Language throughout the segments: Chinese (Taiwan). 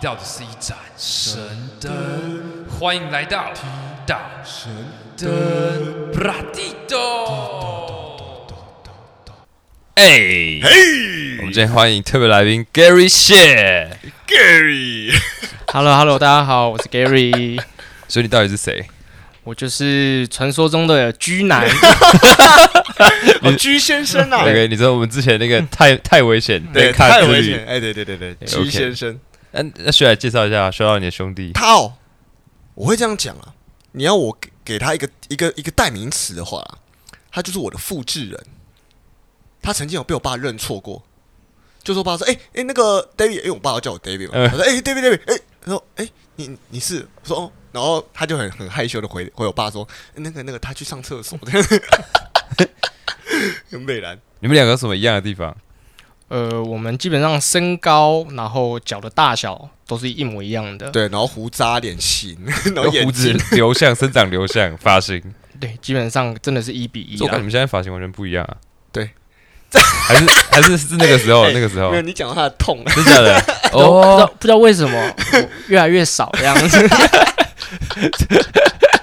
到的是一盞神燈，歡迎來到聽到神燈布拉蒂多。哎嘿，我們今天歡迎特別來賓 Garry Xie。Garry，Hello Hello，大家好，我是 Garry。 所以你到底是誰？我就是傳說中的居男，我 居、 oh, 先生啊。那個，你知道我們之前那個太 太危險，對，對是是太危險。哎、欸，對對對對，居先生。Okay. 那、啊、那誰來介紹一下，說到你的兄弟，他哦，我會這樣講啊。你要我給給他一個一個一個代名詞的話，他就是我的複製人。他曾經有被我爸認錯過，就說爸說，哎、欸、哎、欸，那個 David，為、欸、我爸要叫我 David 嘛，嗯、我說哎，David，David，哎，他、欸欸、說哎、欸，你你是，我說哦，然後他就很很害羞的回回我爸說，那個那個，他去上廁所。的 美蘭，你們兩個什麼一樣的地方？呃，我們基本上身高，然後腳的大小都是一模一樣的。對，然後鬍渣、臉型、 然後鬍子流向、生長流向、髮型，對，基本上真的是一比一。我感覺你們現在髮型完全不一樣啊。對， 還是還是是那個時候，欸、那個時候，欸、你講到他的痛、啊，是真的哦、 oh，不知道不知道為什麼越來越少的樣子。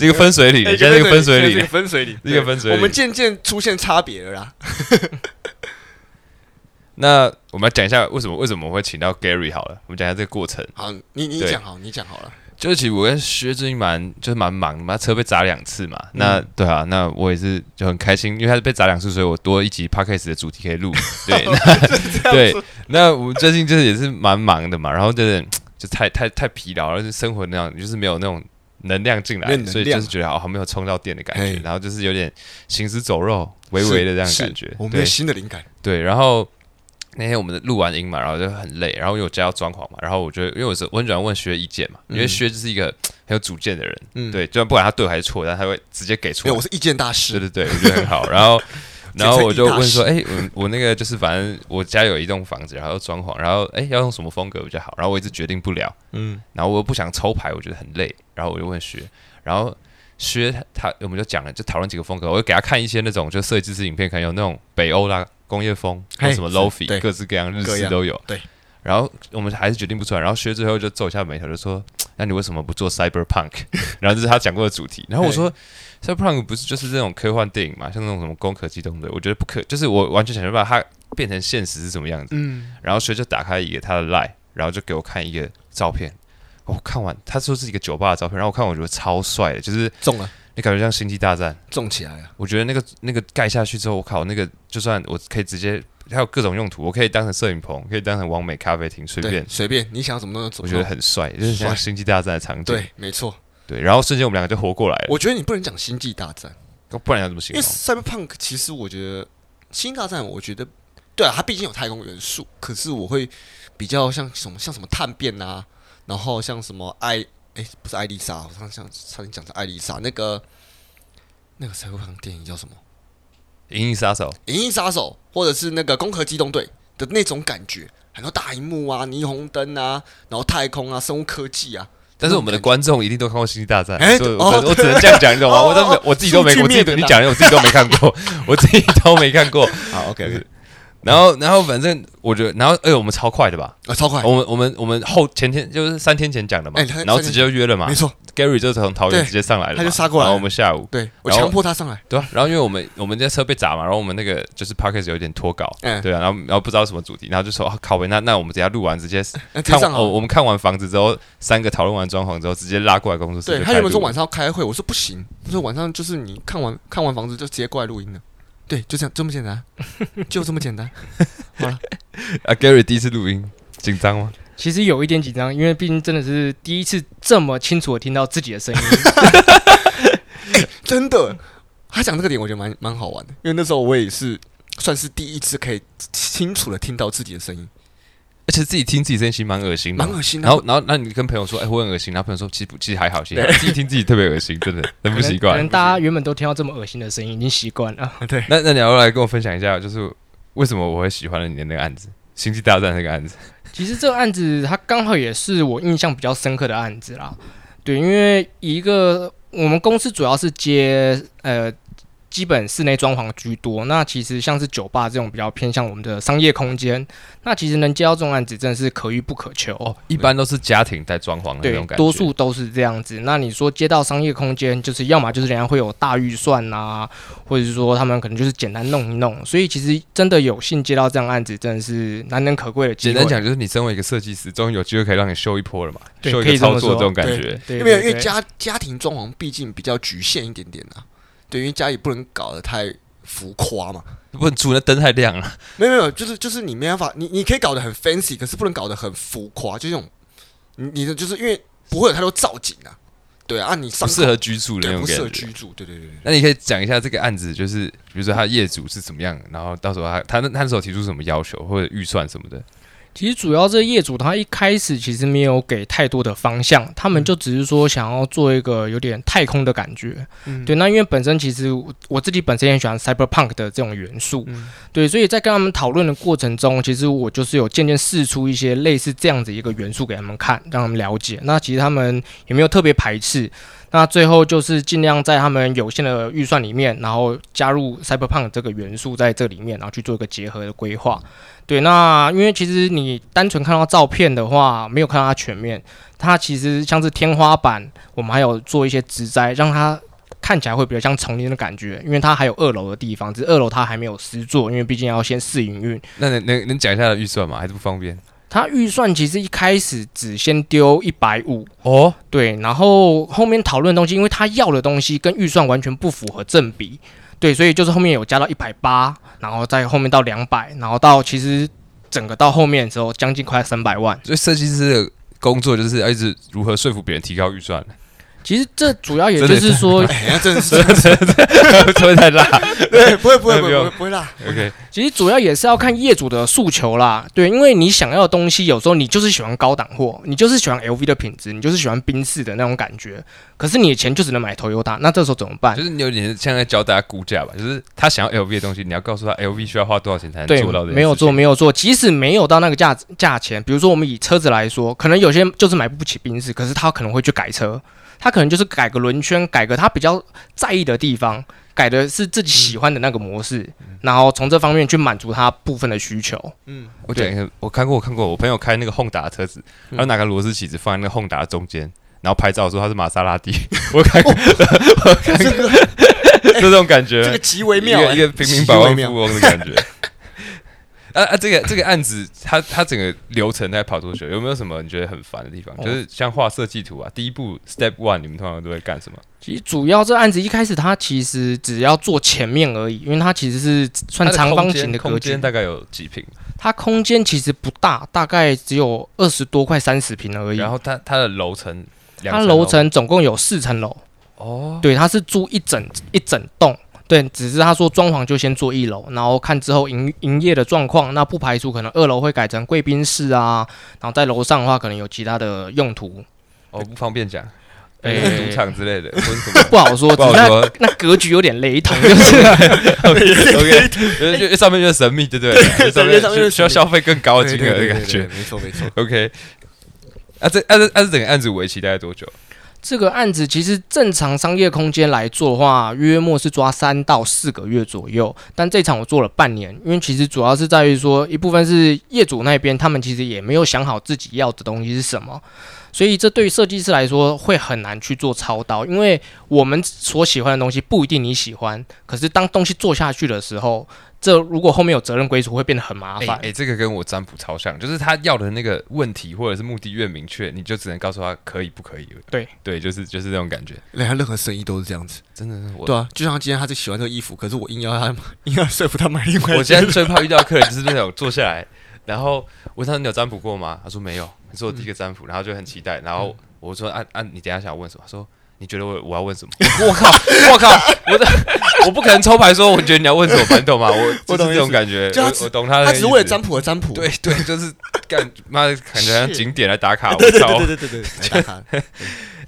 這個分水嶺，欸、你現在這個分水嶺，分水嶺，這個分水嶺，我們漸漸出現差別了啦。 那我們來講一下為什麼？為什麼我會請到 Gary 好了？我們講一下這個過程。好，你你講好，你講好了。就是其實我跟薛志英蠻就是蠻忙嘛，車被砸兩次嘛。嗯、那對啊，那我也是就很開心，因為他是被砸兩次，所以我多一集 podcast 的主題可以錄 那。 對，那對，那我們最近就是也是蠻忙的嘛，然後就是就太太太疲勞，而且生活那樣，就是沒有那種。能量進來量，所以就是覺得哦，還沒有充到電的感覺，然後就是有點行屍走肉，微微的這樣的感覺對。我沒有新的靈感，對。然後那天，欸、我們錄完音嘛，然後就很累，然後因為我家要裝潢嘛，然後我覺得因為我是溫轉問薛意見嘛，嗯、因為薛就是一個很有主見的人，嗯、對，雖不管他對還是錯，但他會直接給出，欸。我是意見大師，對對對，我覺得很好。然後。 然後我就問說：“哎、欸，我我那個就是，反正我家有一棟房子，然後裝潢，然後哎、欸，要用什麼風格比較好？然後我一直決定不了。嗯，然後我不想抽牌，我覺得很累。然後我就問薛，然後薛他，他，我們就講了，就討論幾個風格。我就給他看一些那種，就設計師影片，可能有那種北歐啦、嗯、工業風，還有什麼 lofi，各式各樣，日式都有。對。然後我們還是決定不出來。然後薛最後就皺一下眉頭，就說：那你為什麼不做 cyberpunk？ 然後這是他講過的主題。然後我說。Cyberpunk 不是就是這種科幻電影嘛，像那種什麼《攻殼機動隊》，我覺得不可，就是我完全想象不到它變成現實是什麼樣子。嗯、然後，所以就打開一個他的 Line，然後就給我看一個照片。我、哦、看完他說是一個酒吧的照片，然後我看完我覺得超帥的，就是中了。你感覺像《星際大戰》中起來了。我覺得那個那個蓋下去之後，我靠，那個就算我可以直接還有各種用途，我可以當成攝影棚，可以當成網美咖啡廳，隨便隨便，你想怎麼弄怎麼弄。我覺得很帥，就是像《星際大戰》的場景。對，沒錯。對，然後瞬間我們兩個就活過來了。我覺得你不能講《星際大戰》，不然要怎麼行？因為《賽博朋克》其實我覺得《星際大戰》，我覺得對啊，它畢竟有太空元素。可是我會比較像什麼，像什麼《探變》啊，然後像什麼愛，哎，不是愛麗莎，我剛想差點講成愛麗莎。那個那個《賽博朋克》電影叫什麼？《銀翼殺手》？《銀翼殺手》或者是那個《攻殼機動隊》的那種感覺，很多大熒幕啊、霓虹燈啊，然後太空啊、生物科技啊。但是我們的觀眾一定都看過星際大戰，okay。欸，所以我只能這樣講，你懂嗎？我都沒，我自己都沒，我自己都，你講的，我自己都沒看過， 我自己都沒看過。 好，OK, okay。然後，然後反正我覺得，然後哎呦，我們超快的吧？啊、哦，超快！我們我們我們後前天就是三天前講的嘛、哎，然後直接就約了嘛，沒錯。Garry 就是從桃園直接上來了，他就殺過來了。然後我們下午，對，我強迫他上來，對、啊、然後因為我們我們這些車被砸嘛，然後我們那個就是 Parkes 有點脫稿、哎，對啊，然後然後不知道什麼主題，然後就說靠北、啊、那那我們等下錄完直接看完、哎上啊，哦，我們看完房子之後，三個討論完裝潢之後，直接拉過來公司。對，他有沒有說晚上要開會，我說不行，他說晚上就是你看完看完房子就直接過來錄音了。對，就這樣，這麼簡單，就這麼簡單。好 了、啊，阿、啊、Garry 第一次錄音緊張嗎？其實有一點緊張，因為畢竟真的是第一次這麼清楚的聽到自己的聲音、 欸。真的，他講這個點我覺得蠻蠻好玩的，因為那時候我也是算是第一次可以清楚的聽到自己的聲音。其實自己聽自己聲音蠻惡心的，蠻惡心。然後，然後，那你跟朋友說，哎、欸，我很惡心。然後朋友說，其實其實還好，其實還好，自己聽自己特別惡心， 真的很不習慣。可能大家原本都聽到這麼惡心的聲音，已經習慣了。啊，對。那那你要來跟我分享一下，就是為什麼我會喜歡了你的那個案子《星際大戰》那個案子。其實這個案子它剛好也是我印象比較深刻的案子啦。對，因為一個我們公司主要是接呃。基本室內裝潢居多，那其實像是酒吧這種比較偏向我們的商業空間，那其實能接到這種案子真的是可遇不可求。一般都是家庭在裝潢的那種感覺，對，多數都是這樣子。那你說接到商業空間，就是要麼就是人家會有大預算吶、啊，或者是說他們可能就是簡單弄一弄。所以其實真的有幸接到這樣案子，真的是難能可貴的。簡單講就是你身為一個設計師，終於有機會可以讓你秀一波了嘛，對，可以操作這種感覺。因為因為家家庭裝潢畢竟比較局限一點點啊。對，因為家裡不能搞得太浮誇嘛，不能住那燈太亮了，嗯。沒有沒有，就是就是你沒辦法，你你可以搞得很 fancy，可是不能搞得很浮誇，就這種。你你的就是因為不會有太多造景啊。對啊你，你適合居住的那種感覺，不適合居住。對對，對對對。那你可以講一下這個案子，就是比如說他業主是怎麼樣，然後到時候他他那他那時候提出什麼要求或者預算什麼的。其實主要這個業主他一開始其實沒有給太多的方向，他們就只是說想要做一個有點太空的感覺。嗯、對，那因為本身其實我自己本身也喜歡 cyberpunk 的這種元素。嗯、對，所以在跟他們討論的過程中，其實我就是有漸漸釋出一些類似這樣子一個元素給他們看，讓他們了解。那其實他們也沒有特別排斥。那最後就是盡量在他們有限的預算裡面，然後加入 Cyberpunk 這個元素在這裡面，然後去做一個結合的規劃。對，那因為其實你單純看到照片的話，沒有看到它全面。它其實像是天花板，我們還有做一些植栽，讓它看起來會比較像叢林的感覺。因為它還有二樓的地方，只是二樓它還沒有實作，因為畢竟要先試營運。那能能能講一下預算嗎？還是不方便？他預算其實一開始只先丟一百五哦，對，然後後面討論東西，因為他要的東西跟預算完全不符合正比，對，所以就是後面有加到一百八，然後再後面到兩百，然後到其實整個到後面的時候將近快三百萬，所以設計師的工作就是一直如何說服別人提高預算。其實這主要也就是說，哎呀，真的是真的，不會 太辣，對，不會不會不，不會不會啦。o、okay. k 其實主要也是要看業主的訴求啦，對，因為你想要的東西，有時候你就是喜歡高檔貨，你就是喜歡 LV 的品質，你就是喜歡賓士的那種感覺。可是你的錢就只能買 Toyota，那這時候怎麼辦？就是你有點像在教大家估價吧，就是他想要 LV 的東西，你要告訴他 LV 需要花多少錢才能做到的。沒有錯，沒有錯，即使沒有到那個價價錢比如說我們以車子來說，可能有些就是買不起賓士，可是他可能會去改車。他可能就是改個輪圈，改個他比較在意的地方，改的是自己喜歡的那個模式，嗯嗯、然後從這方面去滿足他部分的需求。嗯，我講一個，我看過，我看過，我朋友開那個 Honda 的車子，嗯，然後拿個螺絲起子放在那個 Honda 中間，嗯，然後拍照說他是瑪莎拉蒂。我看過，我看過。就、哦 啊 欸、 這種感覺，這個極微妙、欸一，一個平民百萬富翁的感覺。 啊啊，這個這個案子，它它整個流程在跑多久？有沒有什麼你覺得很煩的地方？就是像畫設計圖啊，第一步 step one，你們通常都會幹什麼？其實主要這案子一開始，它其實只要做前面而已，因為它其實是算長方形的，的空間大概有幾坪？它空間其實不大，大概只有二十多塊三十坪而已。然後它它的樓層，它樓層總共有四層樓。哦，對，它是租一整一整棟。對，只是他說裝潢就先做一樓，然後看之後營營業的狀況。那不排除可能二樓會改成貴賓室啊，然後在樓上的話可能有其他的用途。哦，不方便講，哎、欸，賭場之類的，欸、不好說，不好說那，那格局有點雷同，就是 OK，上面就是神秘，對不對？上面就是 需要消費更高的金額的感覺，沒錯、okay，沒錯。OK，啊，這案、啊、這案這整個案子為期大概多久？這個案子其實正常商業空間來做的話，約莫是抓三到四個月左右。但這場我做了半年，因為其實主要是在於說，一部分是業主那邊，他們其實也沒有想好自己要的東西是什麼。所以，這對於設計師來說會很難去做操刀，因為我們所喜歡的東西不一定你喜歡。可是，當東西做下去的時候，這如果後面有責任歸屬，會變得很麻煩。哎、欸欸，這個跟我占卜超像，就是他要的那個問題或者是目的越明確，你就只能告訴他可以不可以。對對，就是就是這種感覺。你看任何生意都是這樣子，真的是我。對啊，就像今天他最喜歡這個衣服，可是我硬要他硬要說服他買一塊。我現在最怕遇到客人就是那種坐下來， 然後我問他你有占卜過嗎？他說沒有。是我第一個占卜，嗯，然後就很期待，然後我說、嗯、啊啊，你等下想要問什麼？他說你覺得我我要問什麼？我 靠，靠，我靠，我的，我不可能抽牌說我覺得你要問什麼，你懂嗎？我我懂這種感覺，我懂就他，我我懂他的，他只是為了占卜而占卜，對對，就是乾媽感覺景點來打卡，對對對對對，對，對，對，對，對，對，打 卡。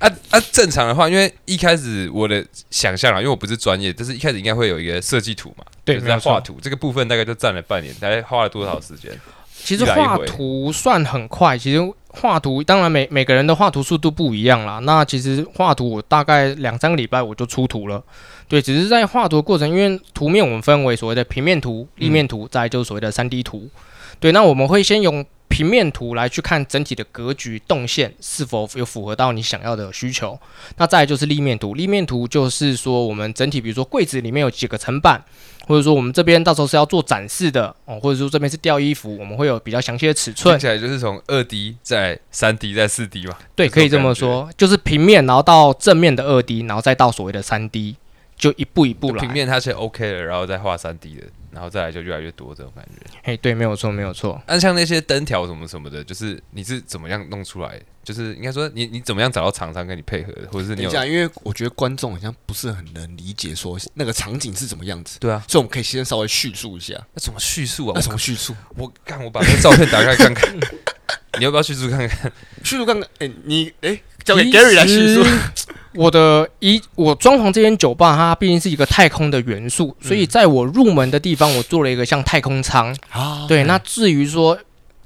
啊啊，正常的話，因為一開始我的想象啊，因為我不是專業，就是一開始應該會有一個設計圖嘛，對，就是、在畫圖這個部分大概就占了半年，大概花了多少時間？其實畫圖算很快，一來一回其實畫圖當然每每個人的畫圖速度不一樣啦。那其實畫圖我大概兩三個禮拜我就出圖了，對，只是在畫圖的過程，因為圖面我們分為所謂的平面圖、立面圖，嗯、再就是所謂的三 D 圖，對，那我們會先用。平面圖來去看整體的格局動線是否有符合到你想要的需求，那再來就是立面圖。立面圖就是說我們整體，比如說櫃子裡面有幾個層板，或者說我們這邊到時候是要做展示的哦，或者說這邊是吊衣服，我們會有比較詳細的尺寸。看起來就是從二 D 再三 D 再四 D 吧？對、就是，可以這麼說，就是平面，然後到正面的二 D，然後再到所謂的三 D。就一步一步來，平面它是 OK 的，然後再畫三 D 的，然後再來就越來越多這種感覺。嘿、hey，對，沒有錯，沒有錯。那、啊、像那些燈條什麼什麼的，就是你是怎麼樣弄出來的？就是應該說你，你你怎麼樣找到廠商跟你配合的，或者是你講？因為我覺得觀眾好像不是很能理解說那個場景是怎麼樣子。對啊，所以我們可以先稍微敘述一下。那怎麼敘述啊？那怎麼敘述、啊？我看我，我，我把那個照片打開看看。 你要不要去住看看？去住看看，哎，你哎，交給 Gary 來去住。我的一，我裝潢這間酒吧，它畢竟是一個太空的元素，所以在我入門的地方，我做了一個像太空艙啊、嗯。對，那至於說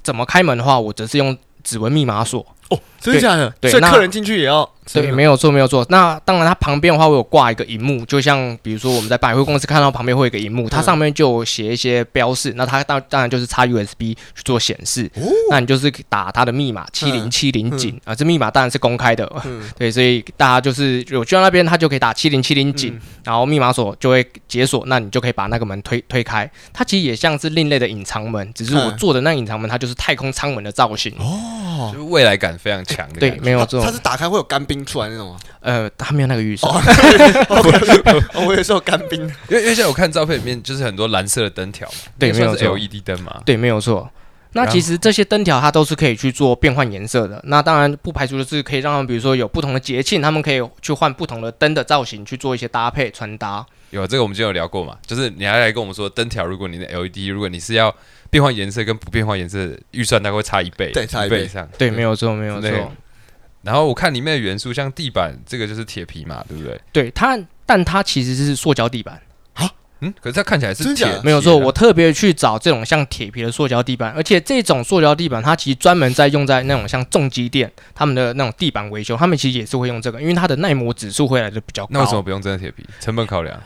怎麼開門的話，我則是用指紋密碼鎖哦。對，對，對，所以客人進去也要對，沒有錯，沒有錯。那當然，它旁邊的話，我有掛一個熒幕，就像比如說我們在百貨公司看到旁邊會有一個熒幕，它上面就寫一些標示。嗯、那它當當然就是插 USB 去做顯示、哦。那你就是打它的密碼七零七零井，啊，這密碼當然是公開的、嗯。對，所以大家就是有去到那邊，它就可以打七零七零井，然後密碼鎖就會解鎖，那你就可以把那個門推推開。它其實也像是另類的隱藏門，只是我做的那隱藏，藏門，它就是太空艙門的造型、嗯、哦，就是未來感非常強。對，沒有錯。它是打開會有乾冰出來那種嗎？呃，它沒有那個預算。Oh, okay. oh, 我有時候乾冰，因為因為現在我看照片裡面就是很多藍色的燈條，對，沒有只有 LED 燈嘛。對，沒有錯。那其實這些燈條它都是可以去做變換顏色的。那當然不排除的是，可以讓他們比如說有不同的節慶，他們可以去換不同的燈的造型去做一些搭配穿搭。有這個我們就有聊過嘛，就是你還來跟我們說燈條，如果你的 LED，如果你是要變換顏色跟不變換顏色，預算它會差一倍，對，差一倍，一倍以上，對，沒有錯，沒有錯。然後我看裡面的元素，像地板，這個就是鐵皮嘛，對不對？對它，但它其實是塑膠地板。嗯，可是它看起來是鐵皮啊，沒有錯。我特別去找這種像鐵皮的塑膠地板，而且這種塑膠地板它其實專門在用在那種像重機店他們的那種地板維修，他們其實也是會用這個，因為它的耐磨指數會來的比較高。那為什麼不用真的鐵皮？成本考量。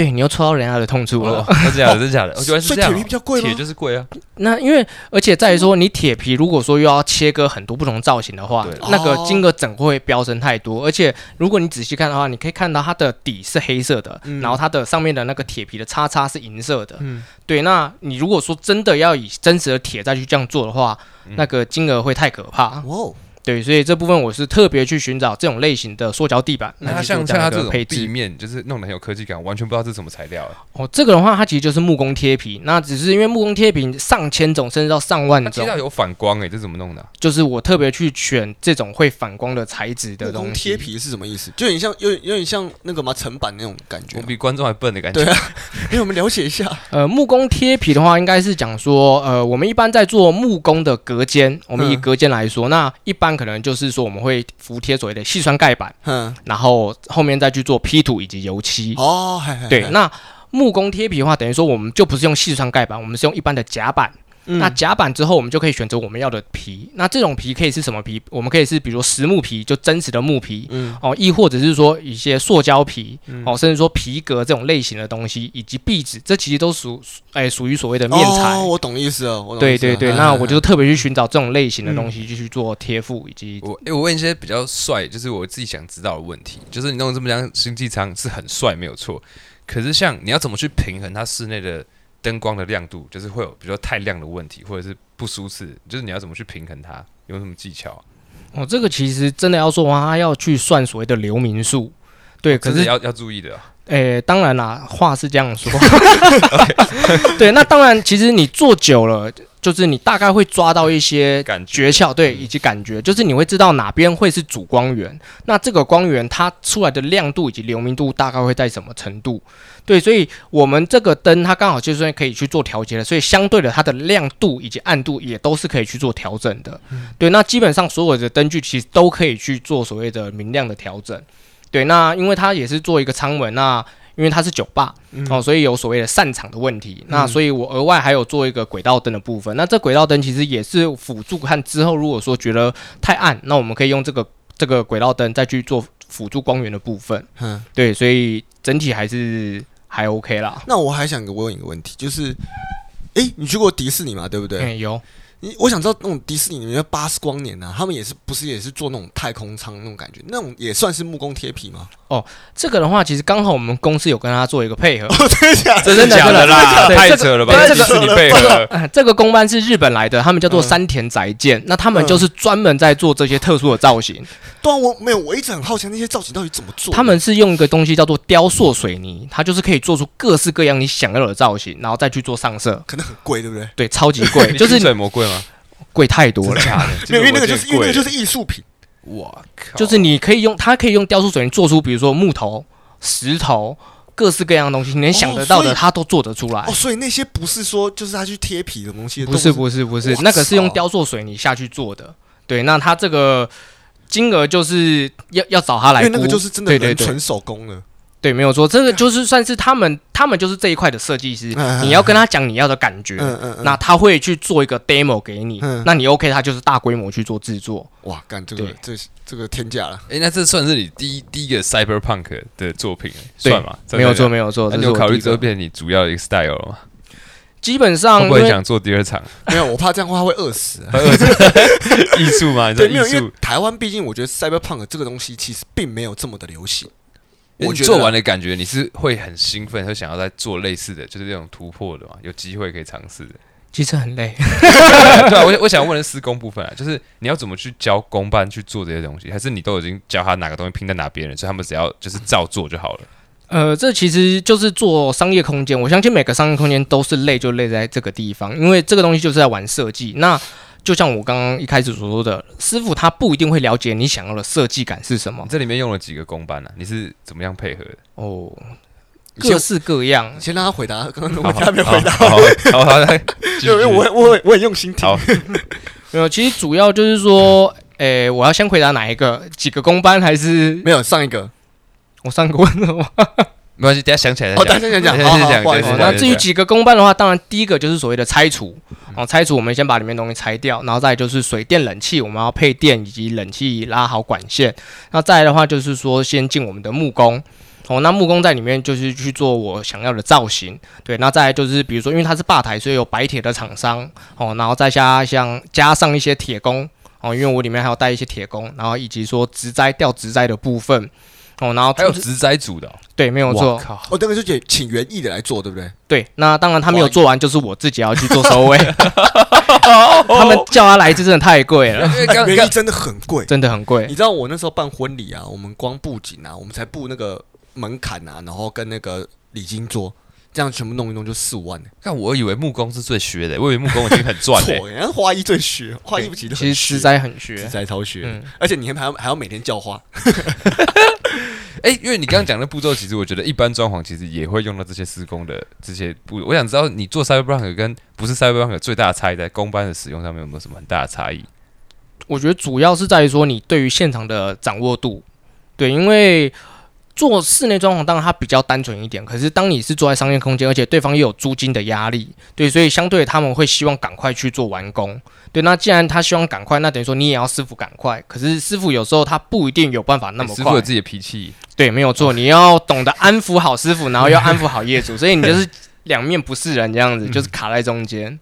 對，你又戳到人家的痛處了，是這樣，是假的。所以鐵皮比較貴，鐵就是貴啊。那因為，而且在於說，你鐵皮如果說又要切割很多不同造型的話，那個金額整個會飆升太多。哦、而且，如果你仔細看的話，你可以看到它的底是黑色的，嗯、然後它的上面的那個鐵皮的叉叉是銀色的、嗯。對。那你如果說真的要以真實的鐵再去這樣做的話，嗯、那個金額會太可怕。哦對，所以這部分我是特別去尋找這種類型的塑膠地板。那它像的那配像它這個地面，就是弄得很有科技感，完全不知道這是什麼材料。哦，這個的話，它其實就是木工貼皮，那只是因為木工貼皮上千種，甚至到上萬種。那貼有反光哎、欸，這是怎麼弄的、啊？就是我特別去選這種會反光的材質的東西。木工貼皮是什麼意思？就很有點像有有點像那個嘛層板那種感覺、啊。我比觀眾還笨的感覺。對啊，欸、我們了解一下。 呃，木工貼皮的話，應該是講說，呃，我們一般在做木工的隔間，我們以隔間來說，嗯、那一般。可能就是說，我們會服貼所謂的矽酸鈣板，嗯，然後後面再去做批土以及油漆哦。對，那木工貼皮的話，等於說我們就不是用矽酸鈣板，我們是用一般的夾板。嗯、那夾板之後，我們就可以選擇我們要的皮。那這種皮可以是什麼皮？我們可以是比如實木皮，就真實的木皮。嗯，哦，亦或者是說一些塑膠皮、嗯，哦，甚至說皮革這種類型的東西，以及壁紙，這其實都屬哎屬於所謂的面材。哦，我懂意思了。我懂意思了。對對對，呵呵呵那我就特別去尋找這種類型的東西，就去做貼附以及我哎、欸，我問一些比較帥，就是我自己想知道的問題，就是你弄這麼樣星際艙是很帥沒有錯，可是像你要怎麼去平衡它室內的？燈光的亮度，就是會有比如說太亮的問題，或者是不舒適，就是你要怎麼去平衡它，有沒有什麼技巧啊？哦，這個其實真的要說話，它要去算所謂的流明數，對，哦，可是要要注意的哦。誒、欸，當然啦，話是這樣說。 對，那當然，其實你做久了，就是你大概會抓到一些訣竅，對，以及感覺，就是你會知道哪邊會是主光源，那這個光源它出來的亮度以及流明度大概會在什麼程度？對，所以我們這個燈它剛好就是可以去做調節的，所以相對的它的亮度以及暗度也都是可以去做調整的。對，那基本上所有的燈具其實都可以去做所謂的明亮的調整。對，那因為它也是做一個艙門，那因為它是酒吧、嗯、哦，所以有所謂的散場的問題、嗯。那所以我額外還有做一個軌道燈的部分。那這軌道燈其實也是輔助，看之後如果說覺得太暗，那我們可以用這個這個軌道燈再去做輔助光源的部分。嗯，對，所以整體還是還 OK 啦。那我還想問一個問題，就是，哎、欸，你去過迪士尼嗎？對不對？嗯、有。你，我想知道那種迪士尼裡面的巴斯光年啊，他們也是不是也是做那種太空艙那種感覺，那種也算是木工貼皮嗎？哦，這個的話，其實剛好我們公司有跟他做一個配合。哦，真的假的啦，這個？太扯了吧，這個了這個哦？這個工班是日本來的，他們叫做山田宅建，嗯，那他們就是專門在做這些特殊的造型。對、嗯、啊，嗯、我沒有，我一直很好奇那些造型到底怎麼做。他們是用一個東西叫做雕塑水泥，它就是可以做出各式各樣你想要的，的造型，然後再去做上色。可能很貴，對不對？對，超級貴，就是水磨貴嗎？貴太多了，的的、就是、了，因為那個就是因為那個就是藝術品。我靠！就是你可以用他可以用雕塑水泥做出，比如說木頭、石頭、各式各樣的東西，你能想得到的，他、哦、都做得出來。哦，所以那些不是說就是他去貼皮的東,的東西，不是不是不是,、那個是,那個是，那個是用雕塑水泥下去做的。對，那他這個金額就是要要找他來，因為那個就是真的純手工的。對對對對對，沒有錯，這個就是算是他們，他們就是這一塊的設計師、嗯。你要跟他講你要的感覺、嗯，那他會去做一個 demo 給你，嗯、那你 OK，他就是大規模去做制作、嗯。哇，幹這個，這這個天價了。哎、欸，那這算是你第一第一個 Cyberpunk 的作品算嗎？沒有錯，沒有錯。那就、啊、考慮這會變你主要一個 style 了嗎？基本上我也想做第二場。 沒有，我怕這樣話會餓死。藝術嘛，對，藝術。台灣畢竟，我覺得 Cyberpunk 這個東西其實並沒有這麼的流行。我做完的感覺，你是會很興奮，會想要再做類似的就是這種突破的嘛？有機會可以嘗試。其實很累。 對啊，對啊，對啊，我我想問的施工部分啊，就是你要怎麼去教工班去做這些東西？還是你都已經教他哪個東西拼在哪邊了，所以他們只要就是照做就好了？呃，這其實就是做商業空間。我相信每個商業空間都是累，就累在這個地方，因為這個東西就是在玩設計。那就像我剛剛一開始所說的，師傅他不一定會了解你想要的設計感是什麼。這裡面用了幾個工班呢？啊？你是怎麼樣配合的？哦、oh,，各式各樣。先，先讓他回答，剛剛我回沒回答好好？ 好。好，好，好，因為我也，我我，我，我也用心聽 沒有，其實主要就是說，誒、欸，我要先回答哪一個？幾個工班還是沒有上一個？我上過了嗎？ 沒關係，等下想起來。哦、喔，大家講講，不、喔、好意思。那至於幾個公辦的話，當然第一個就是所謂的拆除。哦，拆除我們先把裡面東西拆掉，然後再來就是水電冷氣，我們要配電以及冷氣拉好管線。那再來的話就是說先進我們的木工、嗯。哦，那木工在裡面就是去做我想要的造型。對，那再來就是比如說，因為它是吧台，所以有白鐵的廠商。哦，然後再加像加上一些鐵工。哦，因為我裡面還要帶一些鐵工，然後以及說植栽吊植栽的部分。哦，然後還有植栽組的、哦，對，沒有做。我這邊是請請園藝的來做，對不對？對，那當然他沒有做完，就是我自己要去做收尾。 他們叫他來，這真的太貴了、哎，因為園藝真的很貴，真的很貴。你知道我那時候辦婚禮啊，我們光布景啊，我們才布那個門檻啊，然後跟那個禮金桌。這樣全部弄一弄就四五萬哎，欸，但我以為木工是最削的，欸，我以為木工已經很賺欸。錯， 欸，人家花藝最削，花藝不其、欸、其實實在很削，實在超削，嗯。而且你還還要還要每天澆花，哎， 欸，因為你剛剛講的步驟，其實我覺得一般裝潢其實也會用到這些施工的這些步驟。我想知道你做 Cyberpunk 跟不是 Cyberpunk 最大的差異，在工班的使用上面有沒有什麼很大的差異？我覺得主要是在於說你對於現場的掌握度，對，因為。做室內裝潢，當然它比較單純一點。可是當你是做在商業空間，而且對方又有租金的壓力，對，所以相對他們會希望趕快去做完工。對，那既然他希望趕快，那等於說你也要師傅趕快。可是師傅有時候他不一定有辦法那麼快。欸、師傅有自己的脾氣，對，沒有錯。你要懂得安撫好師傅，然後要安撫好業主、嗯，所以你就是兩面不是人這樣子、嗯，就是卡在中間。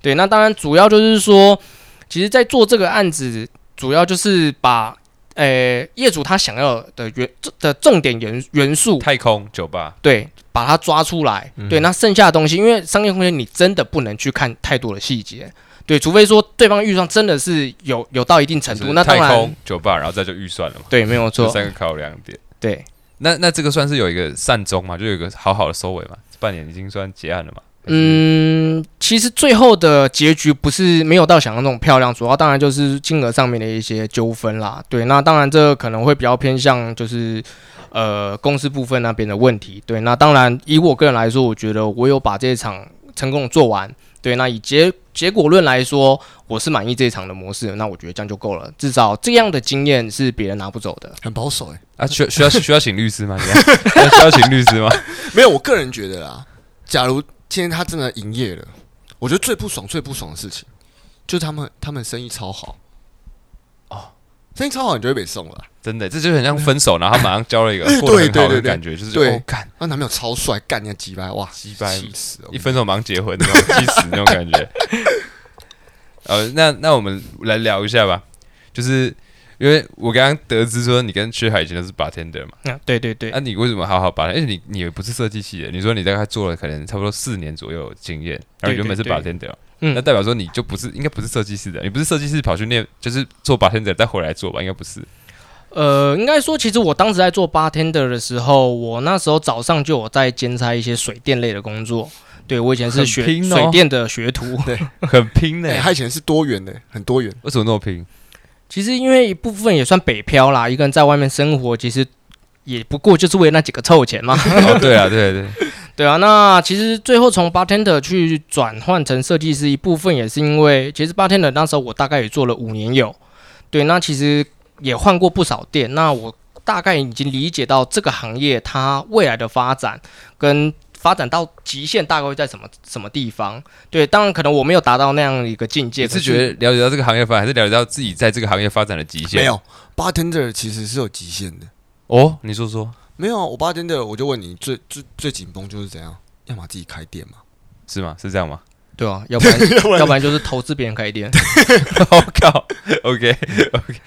對，那當然主要就是說，其實，在做這個案子，主要就是把。誒、呃，業主他想要的元的重點元元素，太空酒吧，對，把它抓出來、嗯，對，那剩下的東西，因為商業空間你真的不能去看太多的細節，對，除非說對方預算真的是有有到一定程度，那太空酒吧，98，然後再就預算了嘛，對，沒有錯，三個考量點，對，那那這個算是有一個善終嘛，就有一個好好的收尾嘛，半年已經算結案了嘛。嗯，其實最後的結局不是沒有到想像那種漂亮，主要當然就是金額上面的一些糾紛啦。對，那當然這個可能會比較偏向就是，呃，公司部分那邊的問題。對，那當然以我個人來說，我覺得我有把這一場成功做完。對，那以結結果論來說，我是滿意這一場的模式。那我覺得這樣就夠了，至少這樣的經驗是別人拿不走的。很保守哎、欸，啊，需要需要需要請律師嗎？需要請律師嗎？ 師嗎 沒有，我個人覺得啦，假如。今天他真的營業了，我覺得最不爽、最不爽的事情，就是他們他們生意超好，哦，生意超好你就會被送了啊，真的，這就很像分手，然後他馬上交了一個過得很好的感覺， 對對對對就是就對，對，對，對，幹、哦、他男朋友超帥，幹人家幾百，幾百，okay，一分手馬上結婚，那種，氣死那種感覺。呃， 那那我們來聊一下吧，就是。因為我剛剛得知說你跟薛海以前都是 bartender 嘛、啊，對對對，那、啊、你為什麼好好 bartender？因為你你也不是設計系的，你說你大概做了可能差不多四年左右經驗，然後原本是 bartender，對對對，那代表說你就不是應該不是設計師的、嗯，你不是設計師跑去念，就是做 bartender，再回來做吧，應該不是。呃，應該說其實我當時在做 bartender 的時候，我那時候早上就有在兼差一些水電類的工作。對，我以前是學、哦、水電的學徒，對，很拼呢、欸。他以前是多元的、欸，很多元。為什麼那麼拼？其實因為一部分也算北漂啦，一個人在外面生活，其實也不過就是為了那幾個臭錢嘛、 哦。對啊，對，對對，對啊。那其實最後從 Bartender 去轉換成設計師，一部分也是因為其實 Bartender 那時候我大概也做了五年有。對，那其實也換過不少店，那我大概已經理解到這個行業它未來的發展跟。發展到極限大概會在什麼什麼地方？對，當然可能我沒有達到那樣一個境界。你是覺得了解到這個行業發展，還是了解到自己在這個行業發展的極限？沒有，Bartender 其實是有極限的。哦，你說說，沒有啊，我 Bartender 我就問你最，最最最緊繃就是怎樣？要麼自己開店嘛，是嗎？是這樣嗎？對啊，要不然 要不然就是投資別人開店。我 靠 okay,OK OK，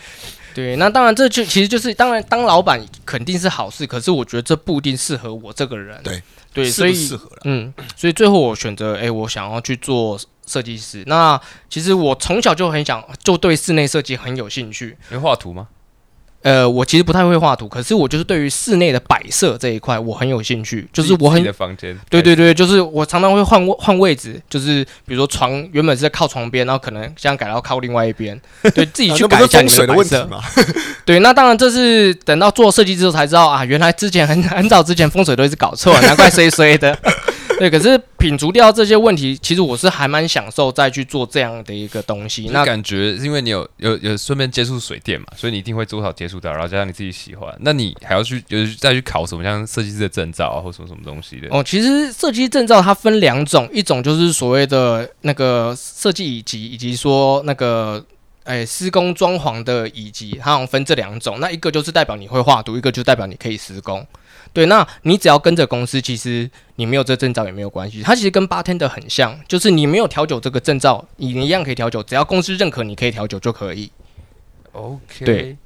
對，那當然這就其實就是當然當老闆肯定是好事，可是我覺得這不一定適合我這個人。對。對適不適合啦？所以嗯，所以最後我選擇，哎、欸，我想要去做設計師。那其實我從小就很想，就對室內設計很有興趣。會畫圖嗎？呃，我其實不太會畫圖，可是我就是對於室內的擺設這一塊，我很有興趣。就是我很自己的房間，對對對，就是我常常會換換位置，就是比如說床原本是在靠床邊，然後可能現在改到靠另外一邊，對自己去改一下你們的問題嘛。對，那當然這是等到做設計之後才知道啊，原來之前很很早之前風水都一直搞錯，難怪衰衰的。 對，可是品足掉這些問題，其實我是還蠻享受再去做這樣的一個東西。那，那感覺是，因為你有有有順便接觸水電嘛，所以你一定會多少接觸到，然後加上你自己喜歡，那你還要去就是再去考什麼像設計師的證照啊，或什麼什麼東西的。哦，其實設計證照它分兩種，一種就是所謂的那個設計乙級，以及說那個哎施工裝潢的乙級，它好像分這兩種。那一個就是代表你會畫圖，一個就代表你可以施工。對，那你只要跟着公司，其實你沒有這個證照也沒有關係。它其實跟 Bartender 很像，就是你沒有調酒這個證照，你一樣可以調酒，只要公司認可你可以調酒就可以。OK，對。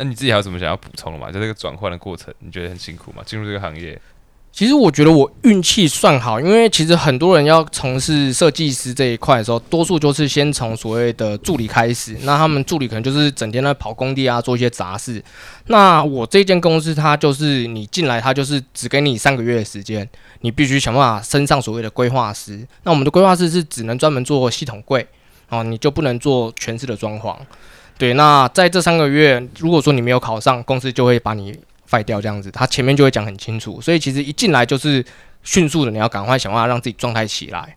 那你自己還有什麼想要補充的嗎？就這個轉換的過程，你覺得很辛苦嗎？進入這個行業？其實我覺得我運氣算好，因為其實很多人要從事設計師這一塊的時候，多數就是先從所謂的助理開始。那他們助理可能就是整天在跑工地啊，做一些雜事。那我這間公司，它就是你進來，它就是只給你三個月的時間，你必須想辦法升上所謂的規劃師。那我們的規劃師是只能專門做系統櫃哦，然後你就不能做全室的裝潢。對，那在這三個月，如果說你沒有考上，公司就會把你。廢掉這樣子，他前面就會講很清楚，所以其實一進來就是迅速的，你要趕快想辦法讓自己狀態起來。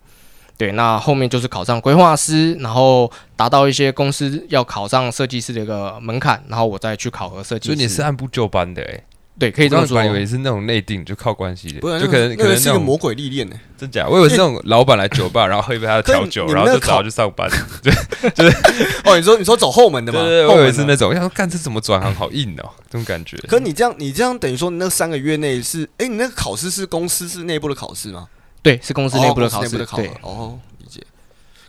對，那後面就是考上規劃師，然後達到一些公司要考上設計師的一個門檻，然後我再去考核設計師。所以你是按部就班的、欸，誒對，可以裝主管，我以為是那種內定，就靠關係的不、啊，就可能、那個、是可能那是一個魔鬼歷練呢，真假？我以為是那種老闆來酒吧，然後喝一杯他的調酒，然後就跑去上、上班，對， 就是。哦，你說你說走後門的嘛？我以為是那種。我想說，幹這怎麼轉行好硬哦，這種感覺。可是你這樣，你這樣等於說，那三個月內是，哎、欸，你那個考試是公司是內部的考試嗎？對，是公司內部的考試。內、哦哦、部的考，對。哦、哦，理解。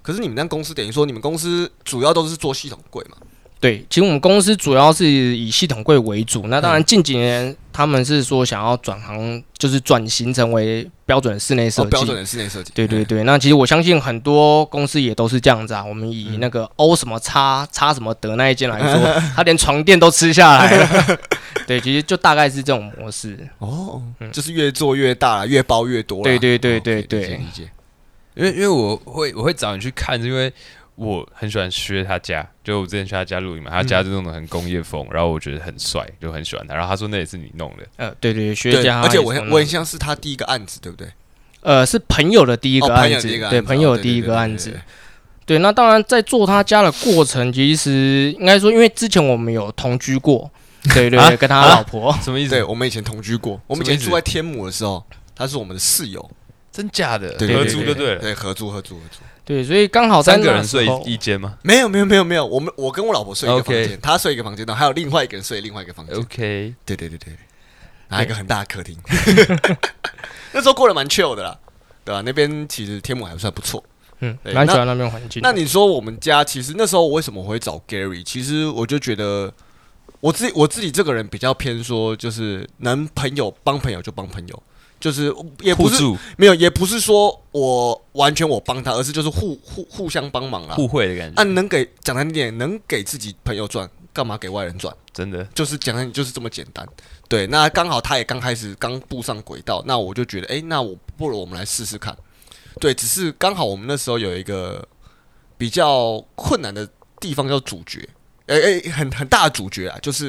可是你們那公司等於說，你們公司主要都是做系統櫃嘛？對，其實我們公司主要是以系統櫃為主。那當然，近幾年他們是說想要轉行，就是轉型成為標準的室內設計。哦，標準室內設計。對對對、嗯，那其實我相信很多公司也都是這樣子啊。我們以那個歐什麼叉叉、嗯、什麼德那一間來說，他連床墊都吃下來了。嗯、 對，其實就大概是這種模式。哦、嗯、就是越做越大，越包越多。對對對對、哦、okay, 對。理解理解。因為因為我會我會找你去看，因為。我很喜歡薛他家，就我之前去他家錄影嘛，他家就那種很工業風、嗯，然後我覺得很帥，就很喜歡他。然後他說那也是你弄的，呃，對對，對，薛家他、那個，而且我我很像是他第一個案子，對不對？呃，是朋友的第一個案子，對、哦、朋友的第一個案子、哦。對，那當然在做他家的過程，其實應該說，因為之前我們有同居過， 對，對對，跟他老婆什麼意思？我們以前同居過，我們以前住在天母的時候，他是我們的室友，真假的合租就對了，對，合租合租合租。合對，所以剛好在三個人睡一間嗎？沒、哦、有，沒有，沒有，沒有。我們我跟我老婆睡一個房間，okay. 他睡一個房間，然後還有另外一個人睡另外一個房間。OK，對對對對，然後一個很大的客廳。Okay. 那時候過得蠻 chill 的啦，對吧、啊？那邊其實天幕還算不錯。嗯，蠻喜歡那那邊環境。那你說我們家其實那時候為什麼會找 Gary？其實我就覺得我自己我自己這個人比較偏說，就是能朋友幫朋友就幫朋友。就是也不是互助，沒有，也不是說我完全我幫他，而是就是互互互相幫忙啊，互惠的感覺。啊，能給講難聽點，能給自己朋友賺，幹嘛給外人賺？真的就是講，就是這麼簡單。對，那剛好他也剛開始剛步上軌道，那我就覺得，哎、欸，那我不如我們來試試看。對，只是剛好我們那時候有一個比較困難的地方叫主角，哎、欸、哎、欸，很很大的主角啊，就是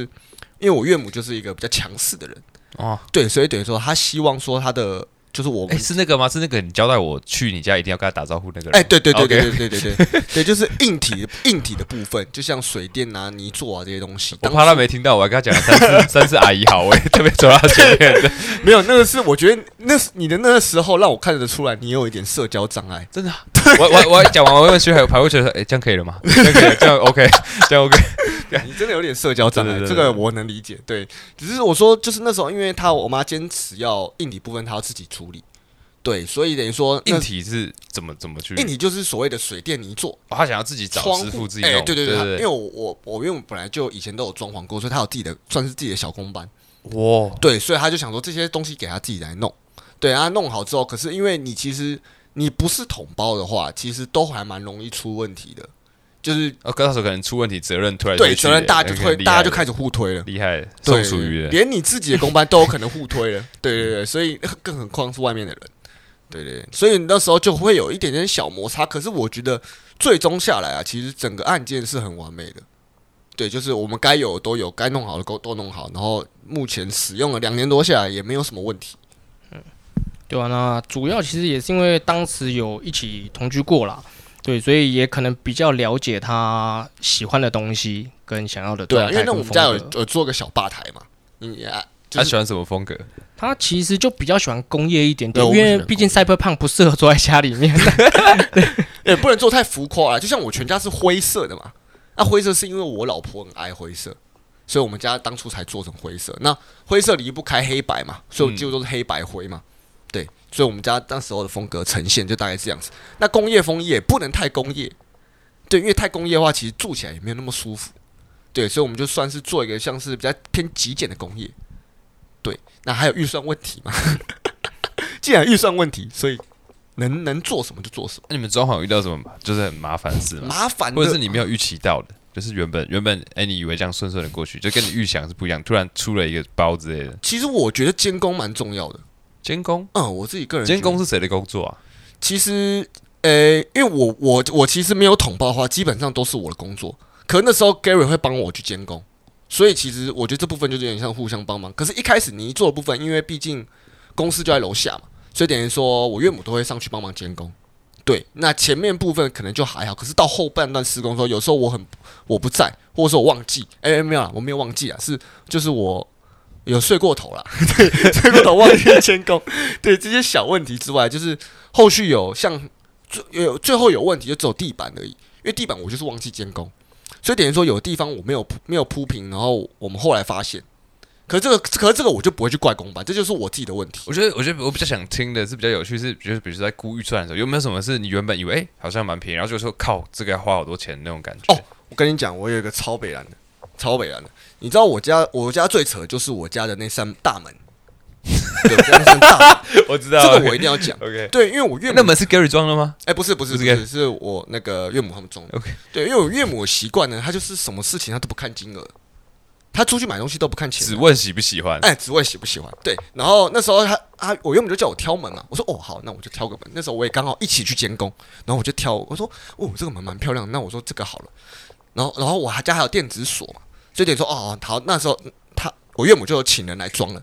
因為我岳母就是一個比較強勢的人。哦，對，所以等於說，他希望說他的。就是我、欸、是那個嗎？是那個你交代我去你家一定要跟他打招呼那個人？哎、欸，對對對對對對對，對，對，對，對，對， 對，就是硬體硬體的部分，就像水電啊、泥作啊這些東西。我怕他沒聽到，我還跟他講了三次，三次 阿姨好，我也特別走到前面。對 沒有，那個是我覺得那你的那個時候讓我看得出來，你有一點社交障礙，真的。我我我講完， 我問徐海排位局說，哎、欸，這樣可以了嗎？這樣可以這樣 OK，這樣 OK。 你真的有點社交障礙， 對對對對這個我能理解。對，只是我說，就是那時候，因為他我媽堅持要硬體部分，她要自己出。處理，對，所以等於說，硬體是怎麼怎麼去？硬體就是所謂的水電泥做、哦。他想要自己找師傅自己弄，欸、對，對，對，對對對，因為我我因為我本來就以前都有裝潢過，所以他有自己的算是自己的小工班。哇，對，所以他就想說這些東西給他自己來弄。對，他弄好之後，可是因為你其實你不是統包的話，其實都還蠻容易出問題的。就是呃，歌、哦、手可,可能出問題，責任推對，責任大家就推，大家就開始互推了，厲害，都屬於連你自己的公班都有可能互推了， 對對對，所以更何況是外面的人，對,對對，所以那時候就會有一點點小摩擦，可是我覺得最終下來啊，其實整個案件是很完美的，對，就是我們該有的都有，該弄好的都都弄好，然後目前使用了兩年多下來也沒有什麼問題，嗯，對啊，那主要其實也是因為當時有一起同居過啦。對，所以也可能比較了解他喜歡的東西跟想要的東西。對，因為我們家有，有做個小吧台嘛，嗯、就是，他喜歡什麼風格？他其實就比較喜歡工業一點點，因為畢竟 Cyberpunk 不適合坐在家裡面，不 也不能做太浮誇了。就像我全家是灰色的嘛，那灰色是因為我老婆很愛灰色，所以我們家當初才做成灰色。那灰色離不開黑白嘛，所以我幾乎都是黑白灰嘛。嗯所以，我們家那時候的風格呈現就大概是這樣子。那工業風也不能太工業，對，因為太工業的話，其實住起來也沒有那麼舒服。對，所以我們就算是做一個像是比較偏極簡的工業。對，那還有預算問題嗎？ 既然預算問題，所以能能做什麼就做什麼。那你們裝潢遇到什麼嘛？就是很麻煩是嗎？麻煩，或者是你沒有預期到的，就是原本原本哎、欸，你以為這樣順順的過去，就跟你預想是不一樣，突然出了一個包之類的。其實我覺得監工蠻重要的。監工，嗯，我自己個人。監工是誰的工作啊？其實，呃、欸，因為我我我其實沒有統包的話，基本上都是我的工作。可那時候 Gary 會幫我去監工，所以其實我覺得這部分就是有點像互相幫忙。可是，一開始你一做的部分，因為畢竟公司就在樓下嘛，所以等於說我岳母都會上去幫忙監工。對，那前面部分可能就還好，可是到後半段施工的時候，有時候我很我不在，或者說我忘記，哎、欸欸，沒有了，我沒有忘記啊，是就是我。有睡過頭了， 對，睡過頭忘記監工， 對這些小問題之外，就是後續有像最有最後有問題就只有地板而已，因為地板我就是忘記監工，所以等於說有地方我沒有鋪沒有鋪平，然後我們後來發現，可是這個可是這個我就不會去怪工班？這就是我自己的問題。我覺得我覺得我比較想聽的是比較有趣是，就是比如說在估預算的時候，有沒有什麼是你原本以為、欸、好像蠻便宜，然後就說靠這個要花好多錢那種感覺？哦，我跟你講，我有一個超北爛的。超北安的，你知道，我家我家最扯就是我家的那扇大門。 大門 我知道這個我一定要講。Okay. 對，因為我岳母、啊、那門是 Gary 裝了嗎？哎、欸，不是不是，不是, Gary? 是我那個岳母他們裝。的。Okay. 對，因為我岳母習慣呢，他就是什麼事情他都不看金額，他出去買東西都不看錢、啊，只問喜不喜歡。哎、欸，只問喜不喜歡。對，然後那時候他啊，我岳母就叫我挑門啊，我說哦，好，那我就挑個門。那時候我也剛好一起去監工，然後我就挑，我說哦，這個門蠻漂亮的，那我說這個好了。然後然後我還家還有電子鎖嘛所以得說哦好，好，那時候他我岳母就有請人來裝了，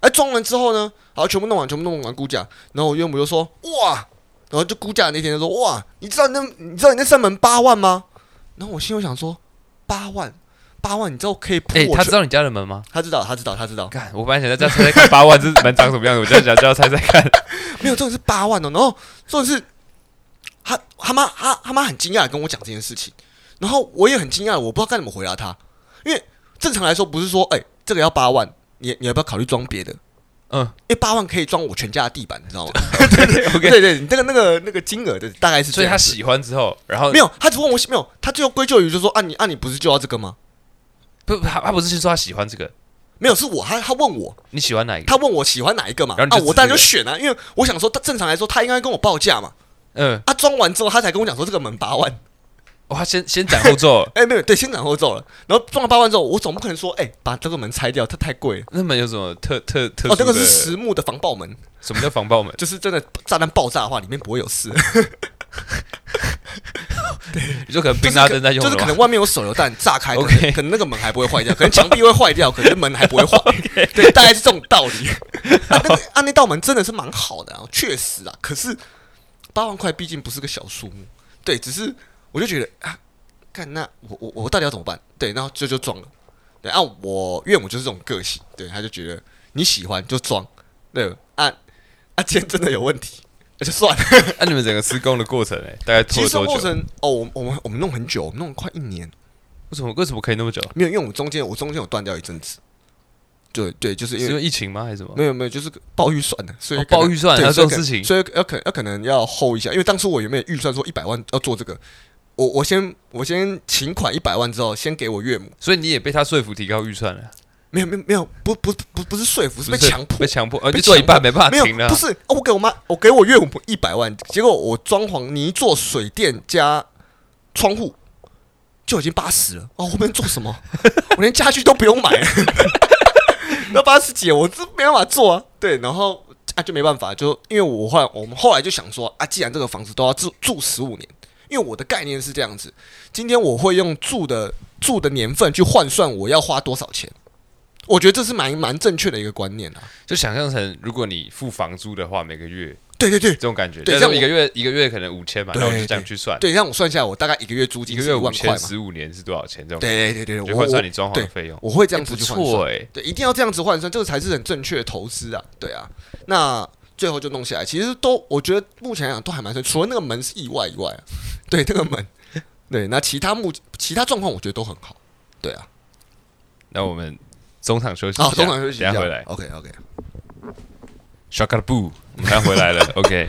哎、欸，裝完之後呢，好，全部弄完，全部弄完估價，然後我岳母就說哇，然後就估價那天就說哇，你知道那你知道你那扇門八萬嗎？然後我心裡想說八萬八萬，你知道我可以破？哎、欸，他知道你家的門嗎？他知道，他知道，他知道。看，我本來想叫大家猜猜看八萬 這是門長什麼樣子，我叫大家叫大家猜猜看。 沒有，這個是八萬哦，然後這個是他他媽他他媽很驚訝跟我講這件事情，然後我也很驚訝，我不知道該怎麼回答他。因為正常來說，不是說哎、欸，這個要八萬，你你要不要考慮裝別的？嗯，因為八萬可以裝我全家的地板，你知道嗎？對 對對對。Okay、對對你那個、那個、那個金額的大概是的。所以他喜歡之後，然後沒有，他就問我沒有，他最後歸就歸咎於就是說啊，你啊你不是就要這個嗎？不，他他不是先說他喜歡這個，沒有是我，他他問我你喜歡哪一個？他問我喜歡哪一個嘛、這個？啊，我當然就選了、啊，因為我想說，他正常來說他應該跟我報價嘛，嗯，他、啊、裝完之後他才跟我講說這個門八萬。他先先斬後奏，哎、 欸，沒有對，先斬後奏了。然後撞了八萬之後，我總不可能說，哎、欸，把這個門拆掉，它太貴了。那門有什麼特特特的？哦，這、那個是實木的防爆門。什麼叫防爆門？ 就是真的炸彈爆炸的話，裡面不會有事。 對，你說可能被炸彈用就是可，就是、可能外面有手榴彈炸開可，OK，可能那個門還不會壞掉，可能牆壁會壞掉，可能是門還不會壞。 okay. 對，大概是這種道理。 啊那個、啊，那道門真的是蠻好的啊，確實啊。可是八萬塊畢竟不是個小數目，對，只是。我就覺得啊，看那我我我到底要怎麼辦？對，然後就就裝了。對啊，我怨我就是這種個性。對，他就覺得你喜歡就裝。對啊啊，啊今天真的有問題，那 就算了。那、啊、你們整個施工的過程、欸，呢？ 大概其實過程哦，我們我們我們弄很久，我弄快一年。為什麼？為什麼可以那麼久？沒有，因為我們中間我中間有斷掉一陣子。對對，就是、因是因為疫情嗎？還是什麼？沒有沒有，就是報預算的，所以報預、哦、算對，要做事情，所以，可所以要可要可能要 hold 一下。因為當初我原本預算說一百萬要做這個？我我先我先請款一百萬之後，先給我岳母。所以你也被他說服提高預算了？沒有沒有沒有，不不不不是，不是說服，是被強迫被強迫，而且、啊、做一半沒辦法停了沒有。不是，啊、我給我媽我給我岳母一百萬，結果我裝潢你一做水電加窗戶就已經八十了哦，我、啊、們做什麼？ 我連家具都不用買， 那八十幾我這沒辦法做啊。對，然後啊就沒辦法，就因為我後我們後來就想說啊，既然這個房子都要住住十五年。因為我的概念是這樣子，今天我會用住的住的年份去換算我要花多少錢，我覺得這是蠻蠻正確的一個觀念啊。就想象成如果你付房租的話，每個月，對對對，這種感覺，對，對,對，像一個月一個月可能五千嘛，對對對，然後我就這樣去算。對，對,對，讓我算下來我大概一個月租金一萬塊嘛，十五年是多少錢？這種對對對，我會算你裝潢的費用對對對。我會這樣子去算。不錯，欸對，欸，對，一定要這樣子換算，這個才是很正確的投資啊。對啊，那。最後就弄下來，其實都我覺得目前來講都還蠻順，除了那個門是意外以外啊，對這、那個門，對那其他目其他狀況我覺得都很好，對啊。那我們中場休息、哦、中場休息，等下回來。OK OK，Shukabu, 我們要回來了。 OK，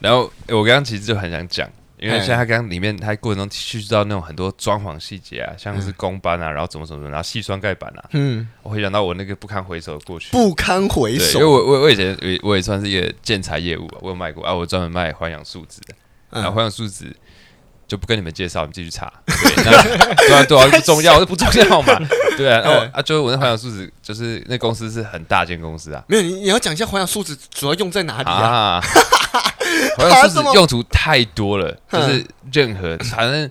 然後我剛剛其實就很想講。因為像他剛剛裡面，他過程中去知道那種很多裝潢細節啊，像是工班啊，然後怎麼怎麼，然後矽酸鈣板啊，嗯，我會想到我那個不堪回首的過去，不堪回首。因為我我我以前我也算是一個建材業務啊，我有賣過啊，我專門賣環氧樹脂的，然後環氧樹脂。就不跟你們介紹，你們繼續查。對啊 對啊，對啊，不重要，這不重要嘛。對啊， 哦 啊，就我那環氧樹脂，就是那公司是很大間公司啊。沒有，你要講一下環氧樹脂主要用在哪裡啊？環氧樹脂用途太多了，就是任何反正，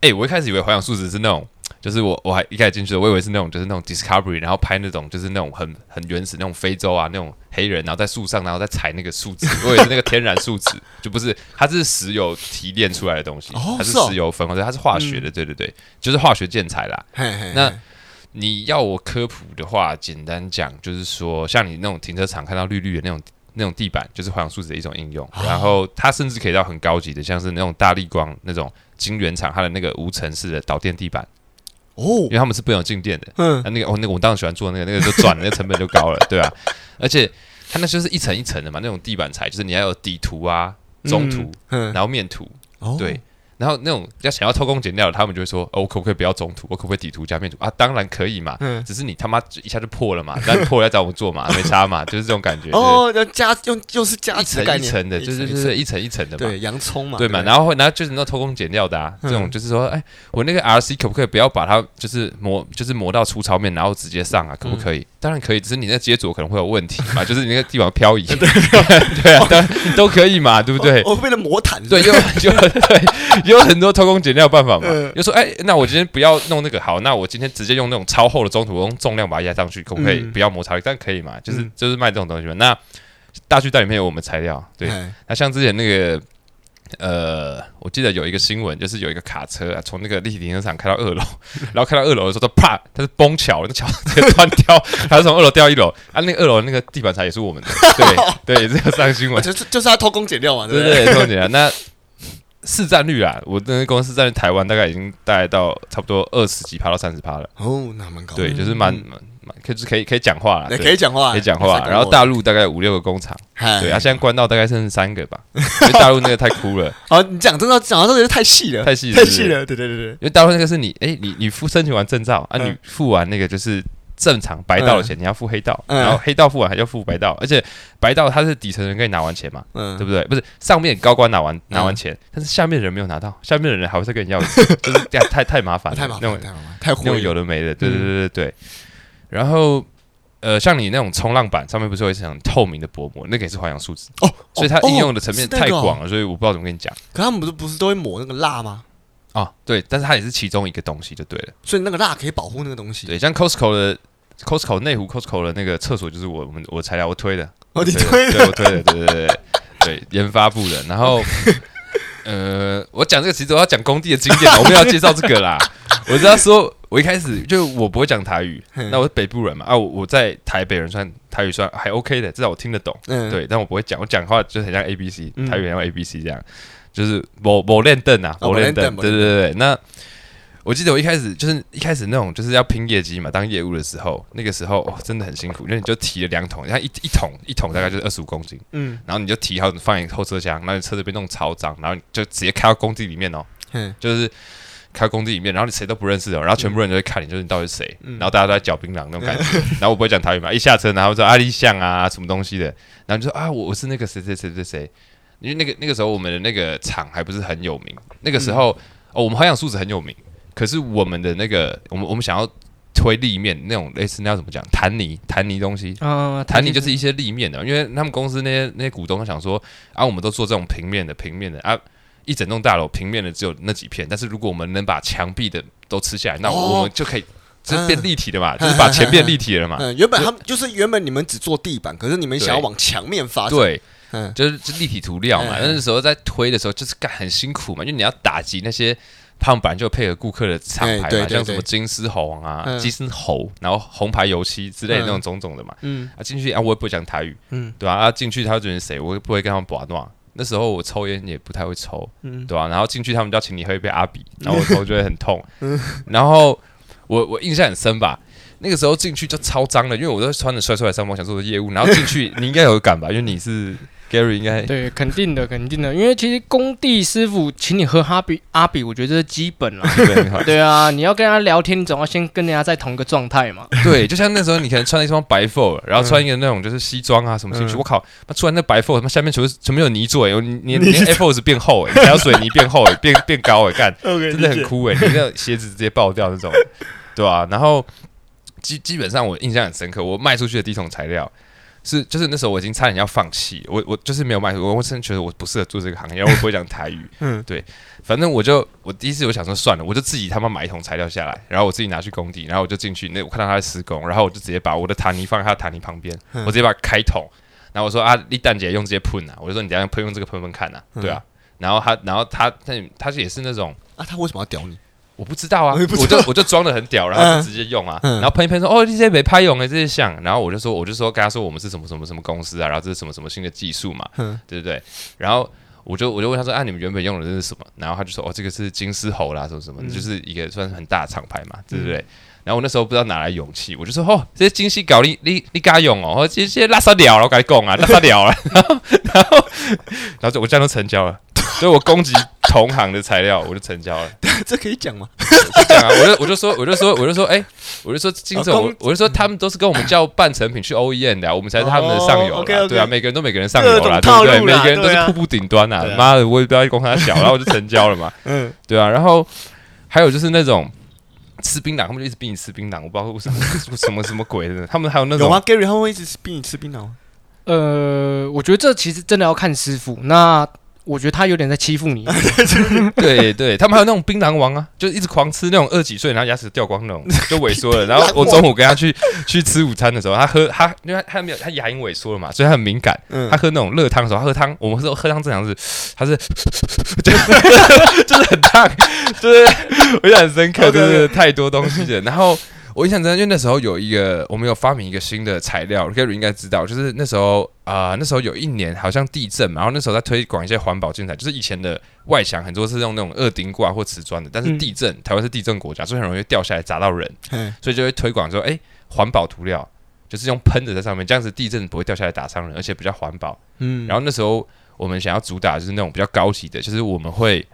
哎，我一開始以為環氧樹脂是那種。就是我我還一開始進去的，我以為是那種就是那種 discovery，然後拍那種就是那種很很原始那種非洲啊那種黑人，然後在樹上，然後在踩那個樹脂， 我以為是那個天然樹脂就不是，它是石油提煉出來的東西，它是石油粉或者它是化學的、嗯，對對對，就是化學建材啦。嘿嘿嘿那你要我科普的話，簡單講就是說，像你那種停車場看到綠綠的那種那種地板，就是環氧樹脂的一種應用、哦。然後它甚至可以到很高級的，像是那種大立光那種晶圓廠它的那個無塵室的導電地板。哦，因為他們是不想進店的，嗯、啊，那個哦，那個我當時喜歡做那個，那個就轉，那個、成本就高了， 對吧、啊？而且它那些是一層一層的嘛，那種地板材就是你要有底塗啊、中塗、嗯、然後面塗，嗯面塗哦、對。然後那種要想要偷工減料的，他們就會說：哦，我可不可以不要中塗，我可不可以底塗加面塗？啊？當然可以嘛，嗯、只是你他媽就一下就破了嘛，那你破了要找我們做嘛， 沒差嘛，就是這種感覺。哦，加用，就是加一層一層的，一層一層就是、就是、一，層一，層一層一層的嘛，對洋蔥嘛，對嘛？對，然後會然後就是那偷工減料的啊，嗯、這種，就是說，哎、欸，我那個 RC 可不可以不要把它就是磨，就是磨到粗糙面，然後直接上啊？可不可以？嗯當然可以，只是你那個接住可能會有問題嘛， 就是你那個地方漂移。 對， 對啊，都、哦、都可以嘛， 對不對？為、哦、了、哦、磨毯子，對，就就對，有很多偷工減料辦法嘛。就 說，哎、欸，那我今天不要弄那個，好，那我今天直接用那種超厚的中土，中途用重量把它壓上去，可不可以？不要摩擦力，但可以嘛。就是就是賣這種東西嘛。那大劇帶裡面有我們材料，對。那像之前那個。呃，我記得有一個新聞，就是有一個卡車啊，從那個立體停車場開到二樓，然後開到二樓的時候，說啪，它是崩橋了，那橋直接斷掉，它是從二樓掉一樓。啊，那二樓那個地板材也是我們的，對 對，這個上新聞 就是就是它偷工減料嘛，對不對？對對對，偷工減料。那市占率啦、啊，我那個公司在台灣大概已經大概到差不多二十幾趴到三十趴了，哦，那蠻高，對，就是蠻。嗯可以可以可以講話了，可以講話、話，可以講話。然後大陸大概五六個工廠、嗯，對，啊，現在關到大概剩三個吧。 因為大陸那個太酷了。啊，你講真的，講真的是太細了，太細，太細了。對對對對，因為大陸那個是你，哎、欸，你你付申請完證照啊，你付完那個就是正常白道的錢，嗯、你要付黑道、嗯，然後黑道付完還要付白道，嗯、而且白道他是底層人，可以拿完錢嘛，嗯、對不對？不是上面高官拿完拿完錢、嗯，但是下面的人沒有拿到，下面的人還會跟你要錢，就是太 太太麻煩，太麻煩，太麻煩，太那種有的沒的。對、嗯、對對對對。對然後，呃，像你那種衝浪板上面不是會有一層透明的薄膜，那個、也是環氧樹脂哦，所以它應用的層面、哦、太廣了、哦，所以我不知道怎麼跟你講。可他們不是不是都會抹那個蠟嗎？哦，對，但是它也是其中一個東西就對了。所以那個蠟可以保護那個東西。對，像 Costco 的 Costco 的內湖 Costco 的那個廁所就是我們我，我材料我推的，我、哦、你推的，我推的，對對對對，研發部的。然後，okay，呃，我講這個其實我要講工地的經驗，我不要介紹這個啦， 我這樣說。我一開始就我不會講台語，那我是北部人嘛啊我，我在台北人算台語算還 OK 的，至少我聽得懂，嗯、對，但我不會講，我講話就很像 A B C，台語很像 A B C 這樣，嗯、就是某某練凳啊，某練凳，對，對對對，那我記得我一開始就是一開始那種就是要拼業績嘛，當業務的時候，那個時候哇、哦、真的很辛苦，因為你就提了兩桶，然後一一桶一桶大概就是二十五公斤，嗯，然後你就提好，你放一個後車廂，然後你車子被弄超髒，然後你就直接開到工地裡面哦，嗯，就是。開工地裡面，然後你誰都不認識的、哦，然後全部人都會看你，就是你到底是誰、嗯。然後大家都在嚼檳榔那種感覺。嗯、 然後我不會講台語嘛，一下車然後就說啊，裡巷啊什麼東西的，然後就說啊我是那個誰誰誰誰誰。因為那個那個時候我們的那個廠還不是很有名，那個時候、嗯、哦我們環氧樹脂很有名，可是我們的那個我們我們想要推立面那種類似那樣怎麼講？彈泥彈泥東西啊，彈、哦哦哦、泥就是一些立面的，因為他們公司那些那些股東他想說啊我們都做這種平面的平面的啊。一整棟大樓平面的只有那幾片，但是如果我們能把牆壁的都吃下來，那我們就可以就是變立體的嘛，哦就是變立體的嘛啊，就是把牆變立體了嘛。啊啊啊、原本他們就，就是原本你們只做地板，可是你們想要往牆面發展。對，嗯、啊啊，就是立體塗料嘛，啊。那時候在推的時候就是幹很辛苦嘛，啊，因為你要打擊那些胖板，就配合顧客的廠牌嘛，啊對對對，像什麼金絲猴啊、金、啊、絲猴，然後紅牌油漆之類的那種種種的嘛。啊、嗯，啊進去啊我也不講台語，嗯，對啊進、啊、去他就覺得誰，我也不會跟他們擺斷那時候我抽菸也，也不太會抽，嗯、對吧、啊？然後進去他們就要請你喝一杯阿比，然後我頭就會很痛， 然後我我印象很深吧。那個時候進去就超髒的，因為我都是穿着帥帥的上班想做的業務，然後進去你應該有感吧？因為你是 Garry 應該，對，肯定的，肯定的。因為其實工地師傅請你喝哈比阿比，阿比我覺得這是基本了。 對啊，你要跟他聊天，你總要先跟人家在同個狀態嘛。對，就像那時候你可能穿了一雙白 f o r 然後穿一個那種就是西裝啊什麼進去，嗯，我靠，那出來那白 Four，那下面全部全部有泥做哎，欸，你你你 F f o S 變厚哎，欸，你你還有水泥變厚哎，欸， 變變高哎，欸，乾，okay, 真的很酷哎，欸，你那鞋子直接爆掉那種，對吧？啊？然後。基基本上我印象很深刻，我賣出去的第一桶材料是，就是那時候我已經差點要放棄，我我就是沒有賣出，我我真的覺得我不適合做這個行業， 我不會講台語，嗯，對，反正我就我第一次我想說算了，我就自己他媽買一桶材料下來，然後我自己拿去工地，然後我就進去那我看到他在施工，然後我就直接把我的塔泥放在他的塔泥旁邊、嗯，我直接把它開桶，然後我說啊麗蛋姐用這些噴吶、啊，我就說你等下噴用這個噴噴看吶、啊，對啊，然後他然後他他，他也是那種啊他為什麼要屌你？我不知道啊、嗯，我就我就裝得很屌，然後就直接用啊，嗯嗯、然後噴一噴說哦你這些沒法用的這些像，然後我就說我就說跟他說我們是什麼什麼什麼公司啊，然後這是什麼什麼新的技術嘛，嗯、對不對，然後我就我就問他說啊你們原本用的這是什麼？然後他就說哦這個是金絲猴啦，什麼什麼就是一個算是很大的廠牌嘛、嗯，對不對？然後我那時候不知道哪來勇氣，我就說哦這些金絲猴你你你敢用哦？我這些拉少屌了，我跟你講啊，拉少屌了，然後然後然後就我這樣都成交了，所 以我攻擊。 同行的材料，我就成交了。這可以講嗎？講啊！我就我就說，我就說，我就說，哎、欸，我就說，金總，我我就說，他們都是跟我們叫半成品去 OEM 的，啊，我們才是他們的上游。oh, okay, okay. 對啊。每個人都每個人上游啦，啦對不對？每個人都是瀑布頂端啊，媽、啊、的，我也不要一公開他小，然後我就成交了嘛。 嗯，對啊。然後還有就是那種吃檳榔，他們就一直逼你吃檳榔，我不知道為什麼 什麼什麼鬼的。他們還有那種有 Gary，他們會一直逼你吃檳榔。呃，我覺得這其實真的要看師傅那。我覺得他有點在欺負你 對對，對，他們還有那種檳榔王啊，就是一直狂吃那種二幾歲，然後牙齒掉光那種，就萎縮了。然後我中午跟他去去吃午餐的時候，他喝他，因為他沒有他牙齦萎縮了嘛，所以他很敏感。他喝那種熱湯的時候，喝湯，我們說喝湯正常是，他是,、嗯、就,是 就是很燙， 就是我記得很深刻，就是太多東西了，然後。我印象中，因為那時候有一個，我們有發明一個新的材料，Garry 應該知道，就是那時候啊、呃，那時候有一年好像地震嘛，然後那時候在推廣一些環保建材，就是以前的外牆很多是用那種二丁掛或瓷磚的，但是地震，嗯、台灣是地震國家，所以很容易掉下來砸到人，嗯、所以就會推廣說，哎、欸，環保塗料就是用噴的在上面，這樣子地震不會掉下來打傷人，而且比較環保。嗯，然後那時候我們想要主打就是那種比較高級的，就是我們會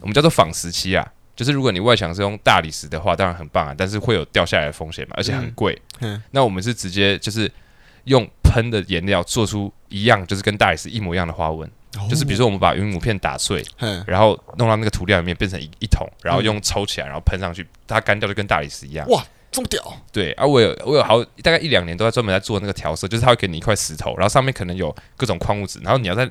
我們叫做仿石漆啊。就是如果你外牆是用大理石的話，當然很棒啊，但是會有掉下來的風險嘛，而且很貴。嗯嗯。那我們是直接就是用噴的顏料做出一樣，就是跟大理石一模一樣的花紋、哦，就是比如說我們把雲母片打碎、嗯，然後弄到那個塗料裡面變成一，一桶，然後用抽起來，然後噴上去，它乾掉就跟大理石一樣。哇！這麼屌？對啊我，我有我有好大概一兩年都在專門在做那個調色，就是他會給你一塊石頭，然後上面可能有各種礦物質，然後你要在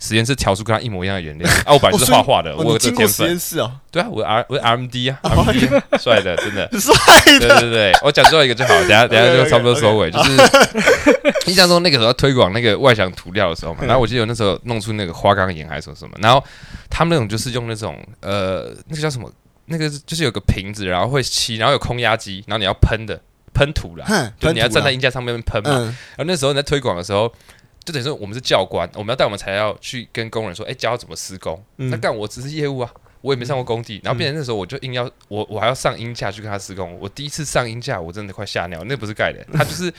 實驗室調出跟他一模一樣的原料啊。我本來就是畫畫的、哦，我有這天分、哦啊。對啊，我 R 我 RMD 啊，帥、啊哦、的真的帥對對對。我講最後一個就好 等，等下等下就差不多收尾。Okay, okay, okay, 就是印象中那個時候推廣那個外牆塗料的時候嘛， 然後我記得有那時候弄出那個花崗岩還是什麼，然後他們那種就是用那種呃那個叫什麼？那個就是有個瓶子，然後會吸，然後有空壓機，然後你要噴的噴塗啦，啦。就你要站在鷹架上面噴嘛。然、嗯、後那時候你在推廣的時候，就等於說我們是教官，我們要帶我們材料去跟工人說，哎、欸，教怎麼施工。嗯、那幹我只是業務啊，我也沒上過工地。嗯、然後變成那時候我就硬要我我還要上鷹架去跟他施工。我第一次上鷹架，我真的快嚇尿，那那不是蓋的，他就是。嗯嗯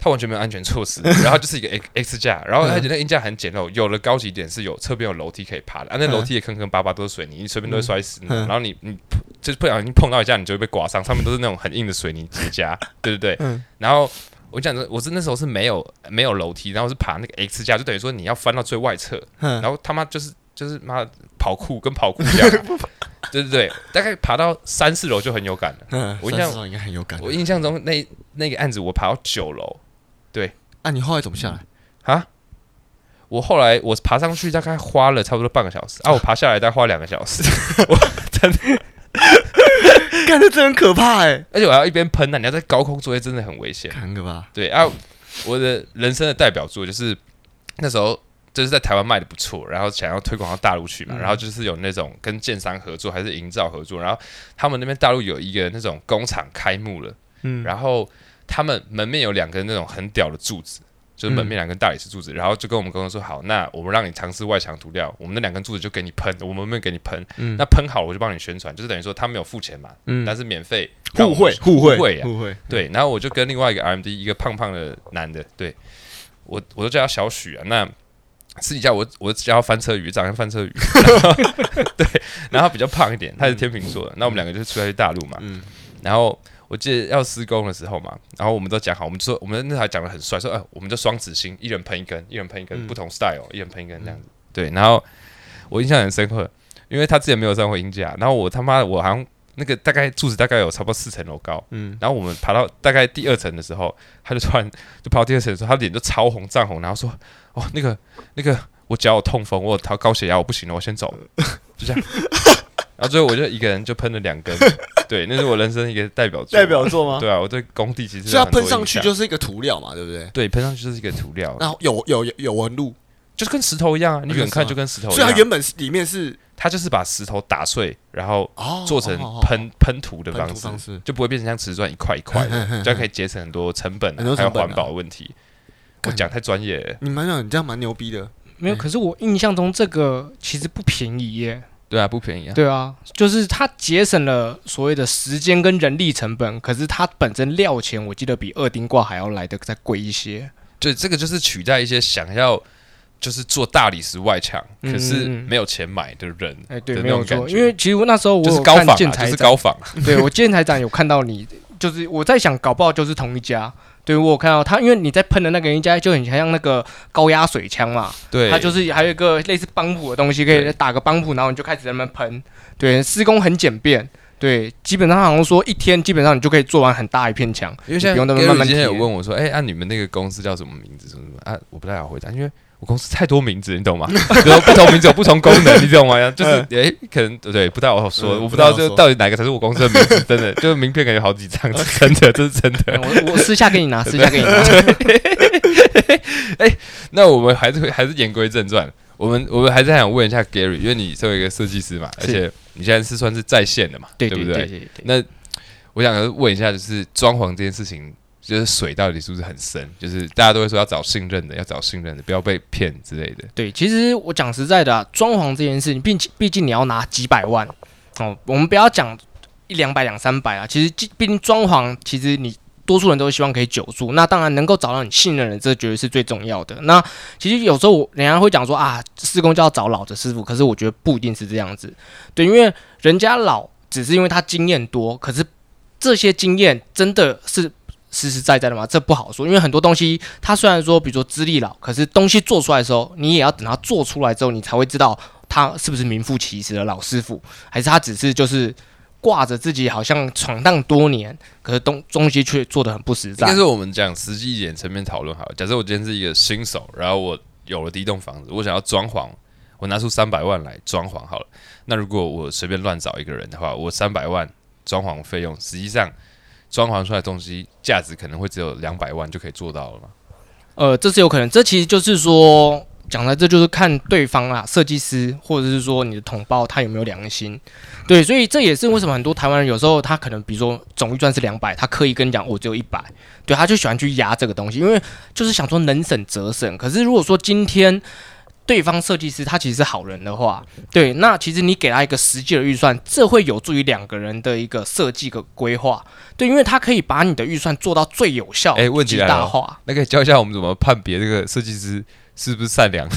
它完全沒有安全措施，然後就是一個 X X 架， 然後而且那鷹架很簡陋。有了高級點是有側邊有樓梯可以爬的，啊，那樓梯也坑坑巴巴都是水泥，你隨便都會摔死，嗯嗯。然後你你就是不小心碰到一下，你就會被刮傷。上面都是那種很硬的水泥支架， 對不對？嗯、然後我講的我是那時候是沒有沒有樓梯，然後是爬那個 X 架，就等於說你要翻到最外側，嗯、然後他媽就是就是媽跑酷跟跑酷一樣，啊， 對對對。大概爬到三四樓就很有感了。嗯、我印象中應該很有感。我印象中，嗯、那那個案子我爬到九樓。對，那、啊、你後來怎麼下來？啊，我後來我爬上去大概花了差不多半個小時，啊，我爬下來大概花兩個小時， 我真的 看着真可怕哎、欸！而且我要一邊噴、啊，那你要在高空作業真的很危險，對啊，我的人生的代表作就是那時候就是在台灣賣的不錯，然後想要推廣到大陸去嘛、嗯，然後就是有那種跟建商合作還是營造合作，然後他們那邊大陸有一個那種工廠開幕了，嗯，然後。他們門面有兩根那種很屌的柱子，就是門面兩根大理石柱子，嗯，然後就跟我們溝通說好，那我們讓你嘗試外牆塗料，我們那兩根柱子就給你噴，我們門面給你噴，嗯，那噴好我就幫你宣傳，就是等於說他沒有付錢嘛，嗯，但是免費，互惠互惠，互惠，啊，互惠互惠互惠互惠，對，然後我就跟另外一個 R M D 一個胖胖的男的，對我我都叫他小許啊，那私底下我我叫他翻車魚，長得像翻車魚， 然後 對，然後比較胖一點，他是天秤座的，那我們兩個就是出來去大陸嘛，嗯，然後。我記得要施工的時候嘛，然後我們都講好，我們就說我們那台講得很帥，說哎、呃，我們就雙子星，一人噴一根，一人噴一根，嗯，不同 style，一人噴一根這樣子。嗯，對，然後我印象很深刻，因為他之前沒有上過鷹架，然後我他媽的，我好像那個大概柱子大概有差不多四層樓高，嗯，然後我們爬到大概第二層的時候，他就突然就爬到第二層的時候，他臉就超紅漲紅，然後說哦，那個那個我腳有痛風，我有高血壓，我不行了，我先走， 就這樣。 啊！最後我就一個人就噴了兩根， 對，那是我人生一個代表作。 代表作嗎？對啊，我對工地其實。所以它噴上去就是一個塗料嘛，對不對？對，噴上去就是一個塗料。然後有有有紋路，就是跟石頭一樣啊！你遠看就跟石頭一樣。所以它原本是裡面是，它就是把石頭打碎，然後做成噴噴塗的方式，土方式，就不會變成像瓷磚一塊一塊的，這 樣可以節省很多成本， 很多成本啊、還有環保問題。我講太專業了，你蠻有，你這樣蠻牛逼的、欸。沒有，可是我印象中這個其實不便宜耶。對啊，不便宜啊。對啊，就是它節省了所謂的時間跟人力成本，可是它本身料錢，我記得比二丁掛還要來得再貴一些。對，這個就是取代一些想要就是做大理石外牆，嗯，可是沒有錢買的人的那種感覺。哎，欸，對，沒有錯，因為其實那時候我高仿建材，就是高仿，啊，就是，高仿 對我建材展有看到你，就是我在想，搞不好就是同一家。對，我有看到他。因為你在噴的那個人家就很像那個高壓水槍嘛，對，他就是還有一個類似幫浦的東西，可以打個幫浦，然後你就開始在那邊噴，對，施工很簡便，對，基本上好像說一天基本上你就可以做完很大一片牆，因為現在你不用在那邊慢慢貼，之前有問我說，哎，按、啊、你們那個公司叫什麼名字什麼什麼啊？我不太好回答，因為。我公司太多名字，你懂嗎？然後 不同名字有不同功能， 你懂嗎？就是哎、欸，可能對，不太好說，我，我不知道這到底哪個才是我公司的名字，真的，名真，的 真的，就是名片感覺好幾張，真的，這是真的。我我私下給你拿，私下給你拿。哎、 欸，那我們還是還是言歸正傳，我們我們還是想問一下 Garry，因為你作為一個設計師嘛，而且你現在是算是在線的嘛，對對，對，對不對？對對對對對對，那我想問一下，就是裝潢這件事情。就是水到底是不是很深？就是大家都會說要找信任的，要找信任的，不要被騙之類的。對，其實我講實在的啊，裝潢這件事情，畢畢竟你要拿幾百萬哦，我們不要講一兩百、兩三百啊。其實畢竟裝潢，其實你多數人都希望可以久住。那當然能夠找到你信任的，這絕對是最重要的。那其實有時候人家會講說啊，施工就要找老的師傅，可是我覺得不一定是這樣子。對，因為人家老只是因為他經驗多，可是這些經驗真的是。實實在在的嘛，這不好說，因為很多東西，他雖然說，比如說資歷老，可是東西做出來的時候，你也要等他做出來之後，你才會知道他是不是名副其實的老師傅，還是他只是就是掛着自己好像闖蕩多年，可是東東西卻做得很不實在。但是我們講實際一點層面討論好了，假設我今天是一個新手，然後我有了第一棟房子，我想要裝潢，我拿出三百萬來裝潢好了，那如果我隨便亂找一個人的話，我三百萬裝潢費用，實際上。裝潢出來的東西價值可能會只有兩百萬就可以做到了嗎？呃，這是有可能，這其實就是說講的，這就是看對方啊，設計師或者是說你的同胞他有沒有良心，對，所以這也是為什麼很多台灣人有時候他可能比如說總預算是兩百，他刻意跟你講我、哦、只有一百，對，他就喜歡去壓這個東西，因為就是想說能省則省。可是如果說今天對方設計師他其實是好人的話，對，那其實你給他一個實際的預算，這會有助於兩個人的一個設計個規劃，對，因為他可以把你的預算做到最有效的。誒，問題來了，那可以教一下我們怎麼判別這個設計師是不是善良？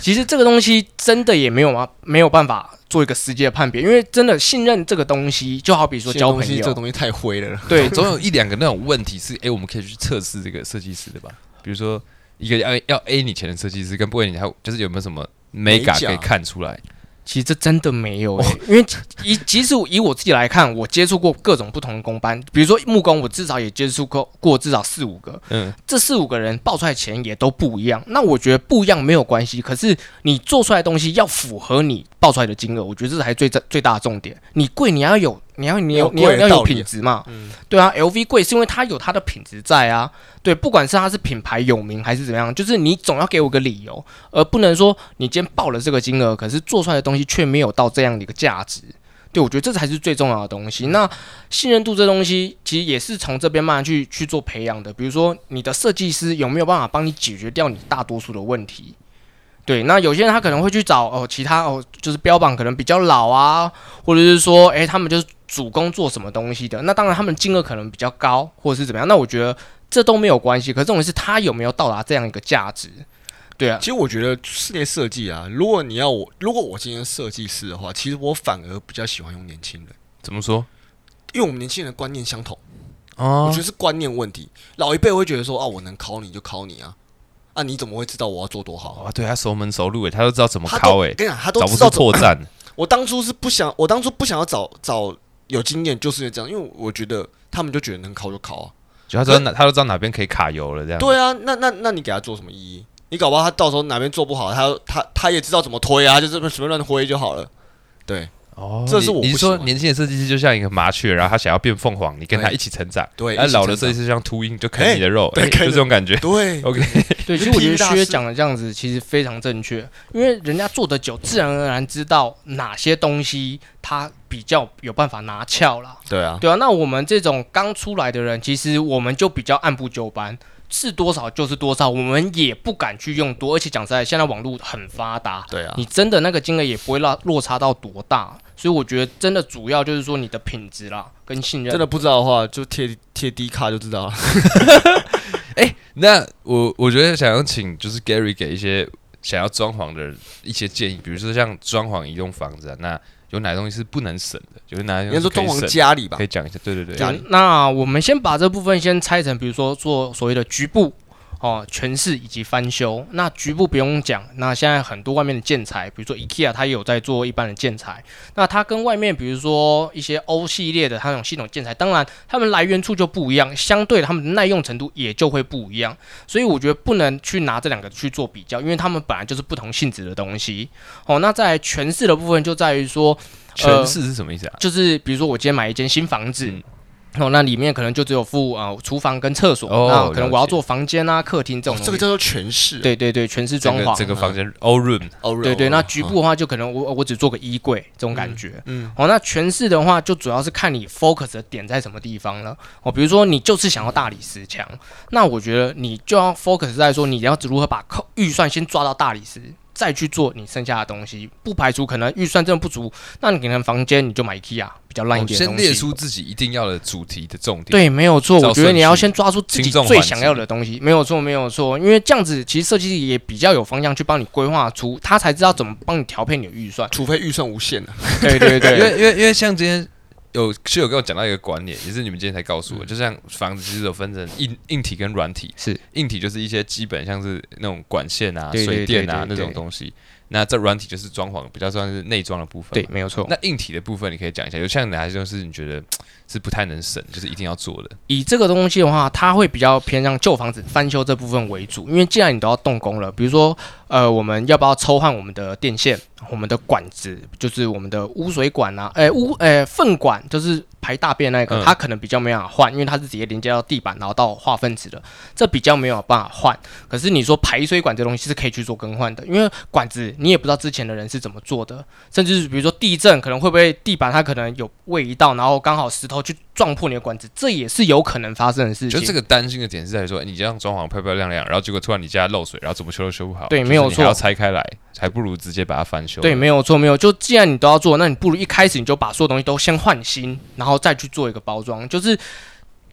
其實這個東西真的也沒有嗎？沒有辦法做一個實際的判別，因為真的信任這個東西，就好比說交朋友，東這個東西太灰了，對， 總有一兩個那種問題是，誒，我們可以去測試這個設計師的吧，比如說。一個要要 A 你錢的設計師，跟不 A 你，還有就是有沒有什麼美感可以看出來？其實這真的沒有、欸、 因為以其實以我自己來看，我接觸過各種不同的工班，比如說木工，我至少也接觸過過至少四五個。嗯，這四五個人報出來錢也都不一樣。那我覺得不一樣沒有關係，可是你做出來的東西要符合你報出來的金額，我覺得這是最最最大的重點。你貴你要有。你要你有你有要有品質嘛？嗯，對啊，LV 貴是因為它有它的品質在啊。對，不管是它是品牌有名還是怎麼樣，就是你總要給我個理由，而不能說你今天報了這個金額，可是做出來的東西卻沒有到這樣的一個價值。對，我覺得這才是最重要的東西。那信任度這東西其實也是從這邊慢慢去去做培養的。比如說你的設計師有沒有辦法幫你解決掉你大多數的問題？對，那有些人他可能會去找哦、呃，其他哦、呃，就是標榜可能比較老啊，或者是說誒、欸，他們就是。主攻做什麼東西的？那當然，他們金額可能比較高，或者是怎麼樣？那我覺得這都沒有關係。可是重點是他有沒有到達這樣一個價值？對啊。其實我覺得室內設計啊，如果你要我，如果我今天設計師的話，其實我反而比較喜歡用年輕人。怎麼說？因為我們年輕人觀念相同啊。我覺得是觀念問題。老一輩會覺得說啊，我能考你就考你啊，那、啊、你怎麼會知道我要做多好啊？對他、啊、熟門熟路誒、欸，他都知道怎麼考誒。我跟你講，他都不知道錯戰。我當初是不想，我當初不想要找找。有經驗就是這樣，因為我覺得他們就覺得能考就考啊，就他知道哪，他都知道哪邊可以卡油了這樣。對啊，那那那你給他做什麼意義？你搞不好他到時候哪邊做不好他，他他他也知道怎麼推啊，就這邊隨便亂推就好了，對。哦，這是我。你，你說年輕的設計師就像一個麻雀，然後他想要變鳳凰，你跟他一起成長。對，而老的設計師像禿鷹，就啃你的肉，對欸、對就是、這種感覺。對，對，OK。對，其實我覺得薛講的這樣子其實非常正確，因為人家做的久，自然而然知道哪些東西他比較有辦法拿翹了。對啊，對啊。那我們這種剛出來的人，其實我們就比較按部就班，是多少就是多少，我們也不敢去用多。而且講實在現在網絡很發達，對啊，你真的那個金額也不會落落差到多大。所以我覺得真的主要就是說你的品質啦，跟信任。真的不知道的話，就貼貼 D 卡就知道了。哎、 欸，那我我覺得想要請就是 Gary 給一些想要裝潢的一些建議，比如說像裝潢一棟房子，啊，那有哪東西是不能省的，就是哪東西？應該說裝潢家裡吧，可以講一下。對對對。講，那我們先把這部分先拆成，比如說做所謂的局部。哦，全室以及翻修，那局部不用講。那現在很多外面的建材，比如說 IKEA，它也有在做一般的建材。那它跟外面，比如說一些歐系列的它那種系統建材，當然它們來源處就不一樣，相對它們耐用程度也就會不一樣。所以我覺得不能去拿這兩個去做比較，因為它們本來就是不同性質的東西。哦，那在全室的部分就在於說，全室是什麼意思啊、呃？就是比如說我今天買一間新房子。嗯哦，那裡面可能就只有附啊、哦、廚房跟廁所、哦，那可能我要做房間啊、哦、客廳這種、哦，這個叫做全室，對對對，全室裝潢、啊這個，這個房間 all room、哦、all room，對對，room，那局部的話就可能我、哦、我只做個衣櫃這種感覺，嗯，嗯哦，那全室的話就主要是看你 focus 的點在什麼地方了，哦，比如說你就是想要大理石牆，嗯、那我覺得你就要 focus 在說你要如何把控預算先抓到大理石。再去做你剩下的東西，不排除可能預算真的不足，那你可能房間你就買 IKEA 比較爛一點。先列出自己一定要的主題的重點。對，沒有錯。我覺得你要先抓住自己最想要的東西，沒有錯，沒有錯。因為這樣子其實設計師也比較有方向去幫你規劃出，他才知道怎麼幫你調配你的預算。除非預算無限了、啊。對，對對對。因為因為因為像今天。有室友跟我講到一個觀念，也是你們今天才告訴我、嗯，就像房子其實有分成硬硬體跟軟體，是硬體就是一些基本像是那種管線啊、對對對對，水電啊那種東西，對對對對，那這軟體就是裝潢，比較算是內裝的部分，對，沒有錯。那硬體的部分你可以講一下，有像哪些就是你覺得？是不太能省，就是一定要做的。以這個東西的話，它會比較偏向舊房子翻修這部分為主，因為既然你都要動工了，比如說，呃，我們要不要抽換我們的電線、我們的管子，就是我們的污水管啊，哎、污、哎、糞管，就是排大便那個，它可能比較沒有辦法換，因為它是直接連接到地板，然後到化糞池的，這比較沒有辦法換。可是你說排水管這東西是可以去做更換的，因為管子你也不知道之前的人是怎麼做的，甚至是比如說地震可能會不會地板它可能有位移到，然後剛好石頭。然後去撞破你的管子，這也是有可能發生的事情。就這個擔心的點是在說，你這樣裝潢漂漂亮亮，然後結果突然你家漏水，然後怎麼修都修不好。對，沒有錯，拆開來，還不如直接把它翻修。對，沒有錯，沒有。就既然你都要做，那你不如一開始你就把所有東西都先換新，然後再去做一個包裝，就是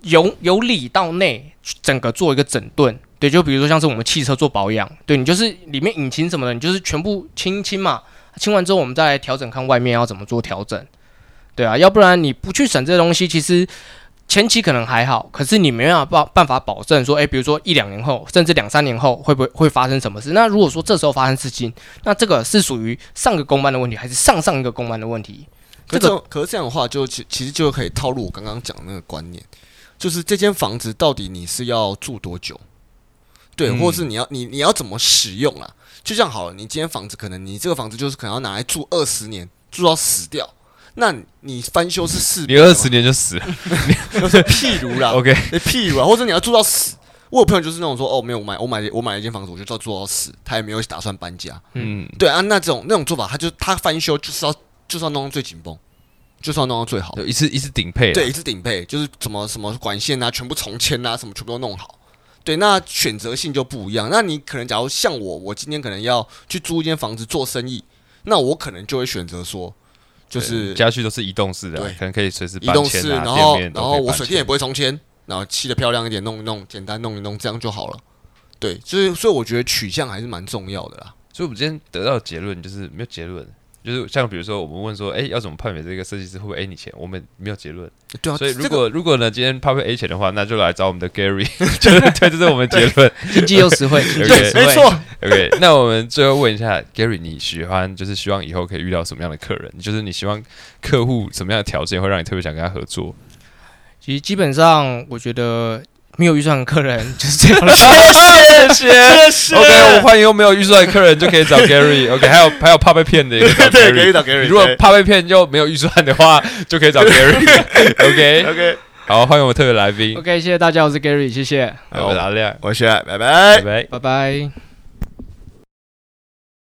由由裡到內整個做一個整頓。對，就比如說像是我們汽車做保養，對，你就是裡面引擎什麼的，你就是全部清一清嘛，清完之後我們再來調整，看外面要怎麼做調整。對啊，要不然你不去審這個東西，其實前期可能還好，可是你沒有辦法辦法保證說，誒，比如說一兩年後，甚至兩三年後會不會會發生什麼事？那如果說這時候發生事情，那這個是屬於上個工班的問題，還是上上一個工班的問題？可這可是這樣的話就，就其其實就可以套路我剛剛講的那個觀念，就是這間房子到底你是要住多久？對，嗯、或是你要你你要怎麼使用啊？就像好了，你今天房子可能你這個房子就是可能要拿來住二十年，住到死掉。那你翻修是四，你二十年就死了 譬、okay.。譬如啦，OK，你譬如啊，或者你要住到死。我有朋友就是那種說，哦，沒有，我買，我買，我買了一間房子，我就要住到死，他也沒有打算搬家。嗯，對啊，那這種那種做法，他就他翻修就是要，就是要弄到最緊繃，就是要弄到最好的，一次一次頂配，對，一次頂配就是什麼什麼管線啊，全部重遷啊，什麼全部都弄好。對，那選擇性就不一樣。那你可能假如像我，我今天可能要去租一間房子做生意，那我可能就會選擇說。就是家具，都是移動式的對，可能可以隨時搬遷、啊。然後，然後我水電也不會重簽，然後砌的漂亮一點，弄一弄，簡單弄一弄，這樣就好了。對，所、就、以、是、所以我覺得取向還是蠻重要的啦。所以我們今天得到的結論就是沒有結論。就是像比如說，我們問說，誒、欸，要怎麼判別這個設計師會不會 A 你錢？我們沒有結論、對啊，所以如果、這個、如果呢，今天他會 a 錢的話，那就來找我們的 Gary， 就是、 對，這、就是我們結論，經濟、okay，又實惠，對，又實惠 okay，沒錯。OK，那我們最後問一下 Gary，你喜歡就是希望以後可以遇到什麼樣的客人？就是你希望客戶什麼樣的條件會讓你特別想跟他合作？其實基本上，我覺得。沒有預算的客人，就是這樣的 謝謝。謝謝謝謝。 OK，我歡迎又沒有預算的客人就可以找 Garry。OK，還有還有怕被騙的 對，可以找 Garry。如果怕被騙又沒有預算的話，就可以找 Garry。OK OK，好，歡迎我們特別來賓。OK，謝謝大家，我是 Garry，謝謝。是阿亮，我是 Garry，謝謝，拜拜拜拜。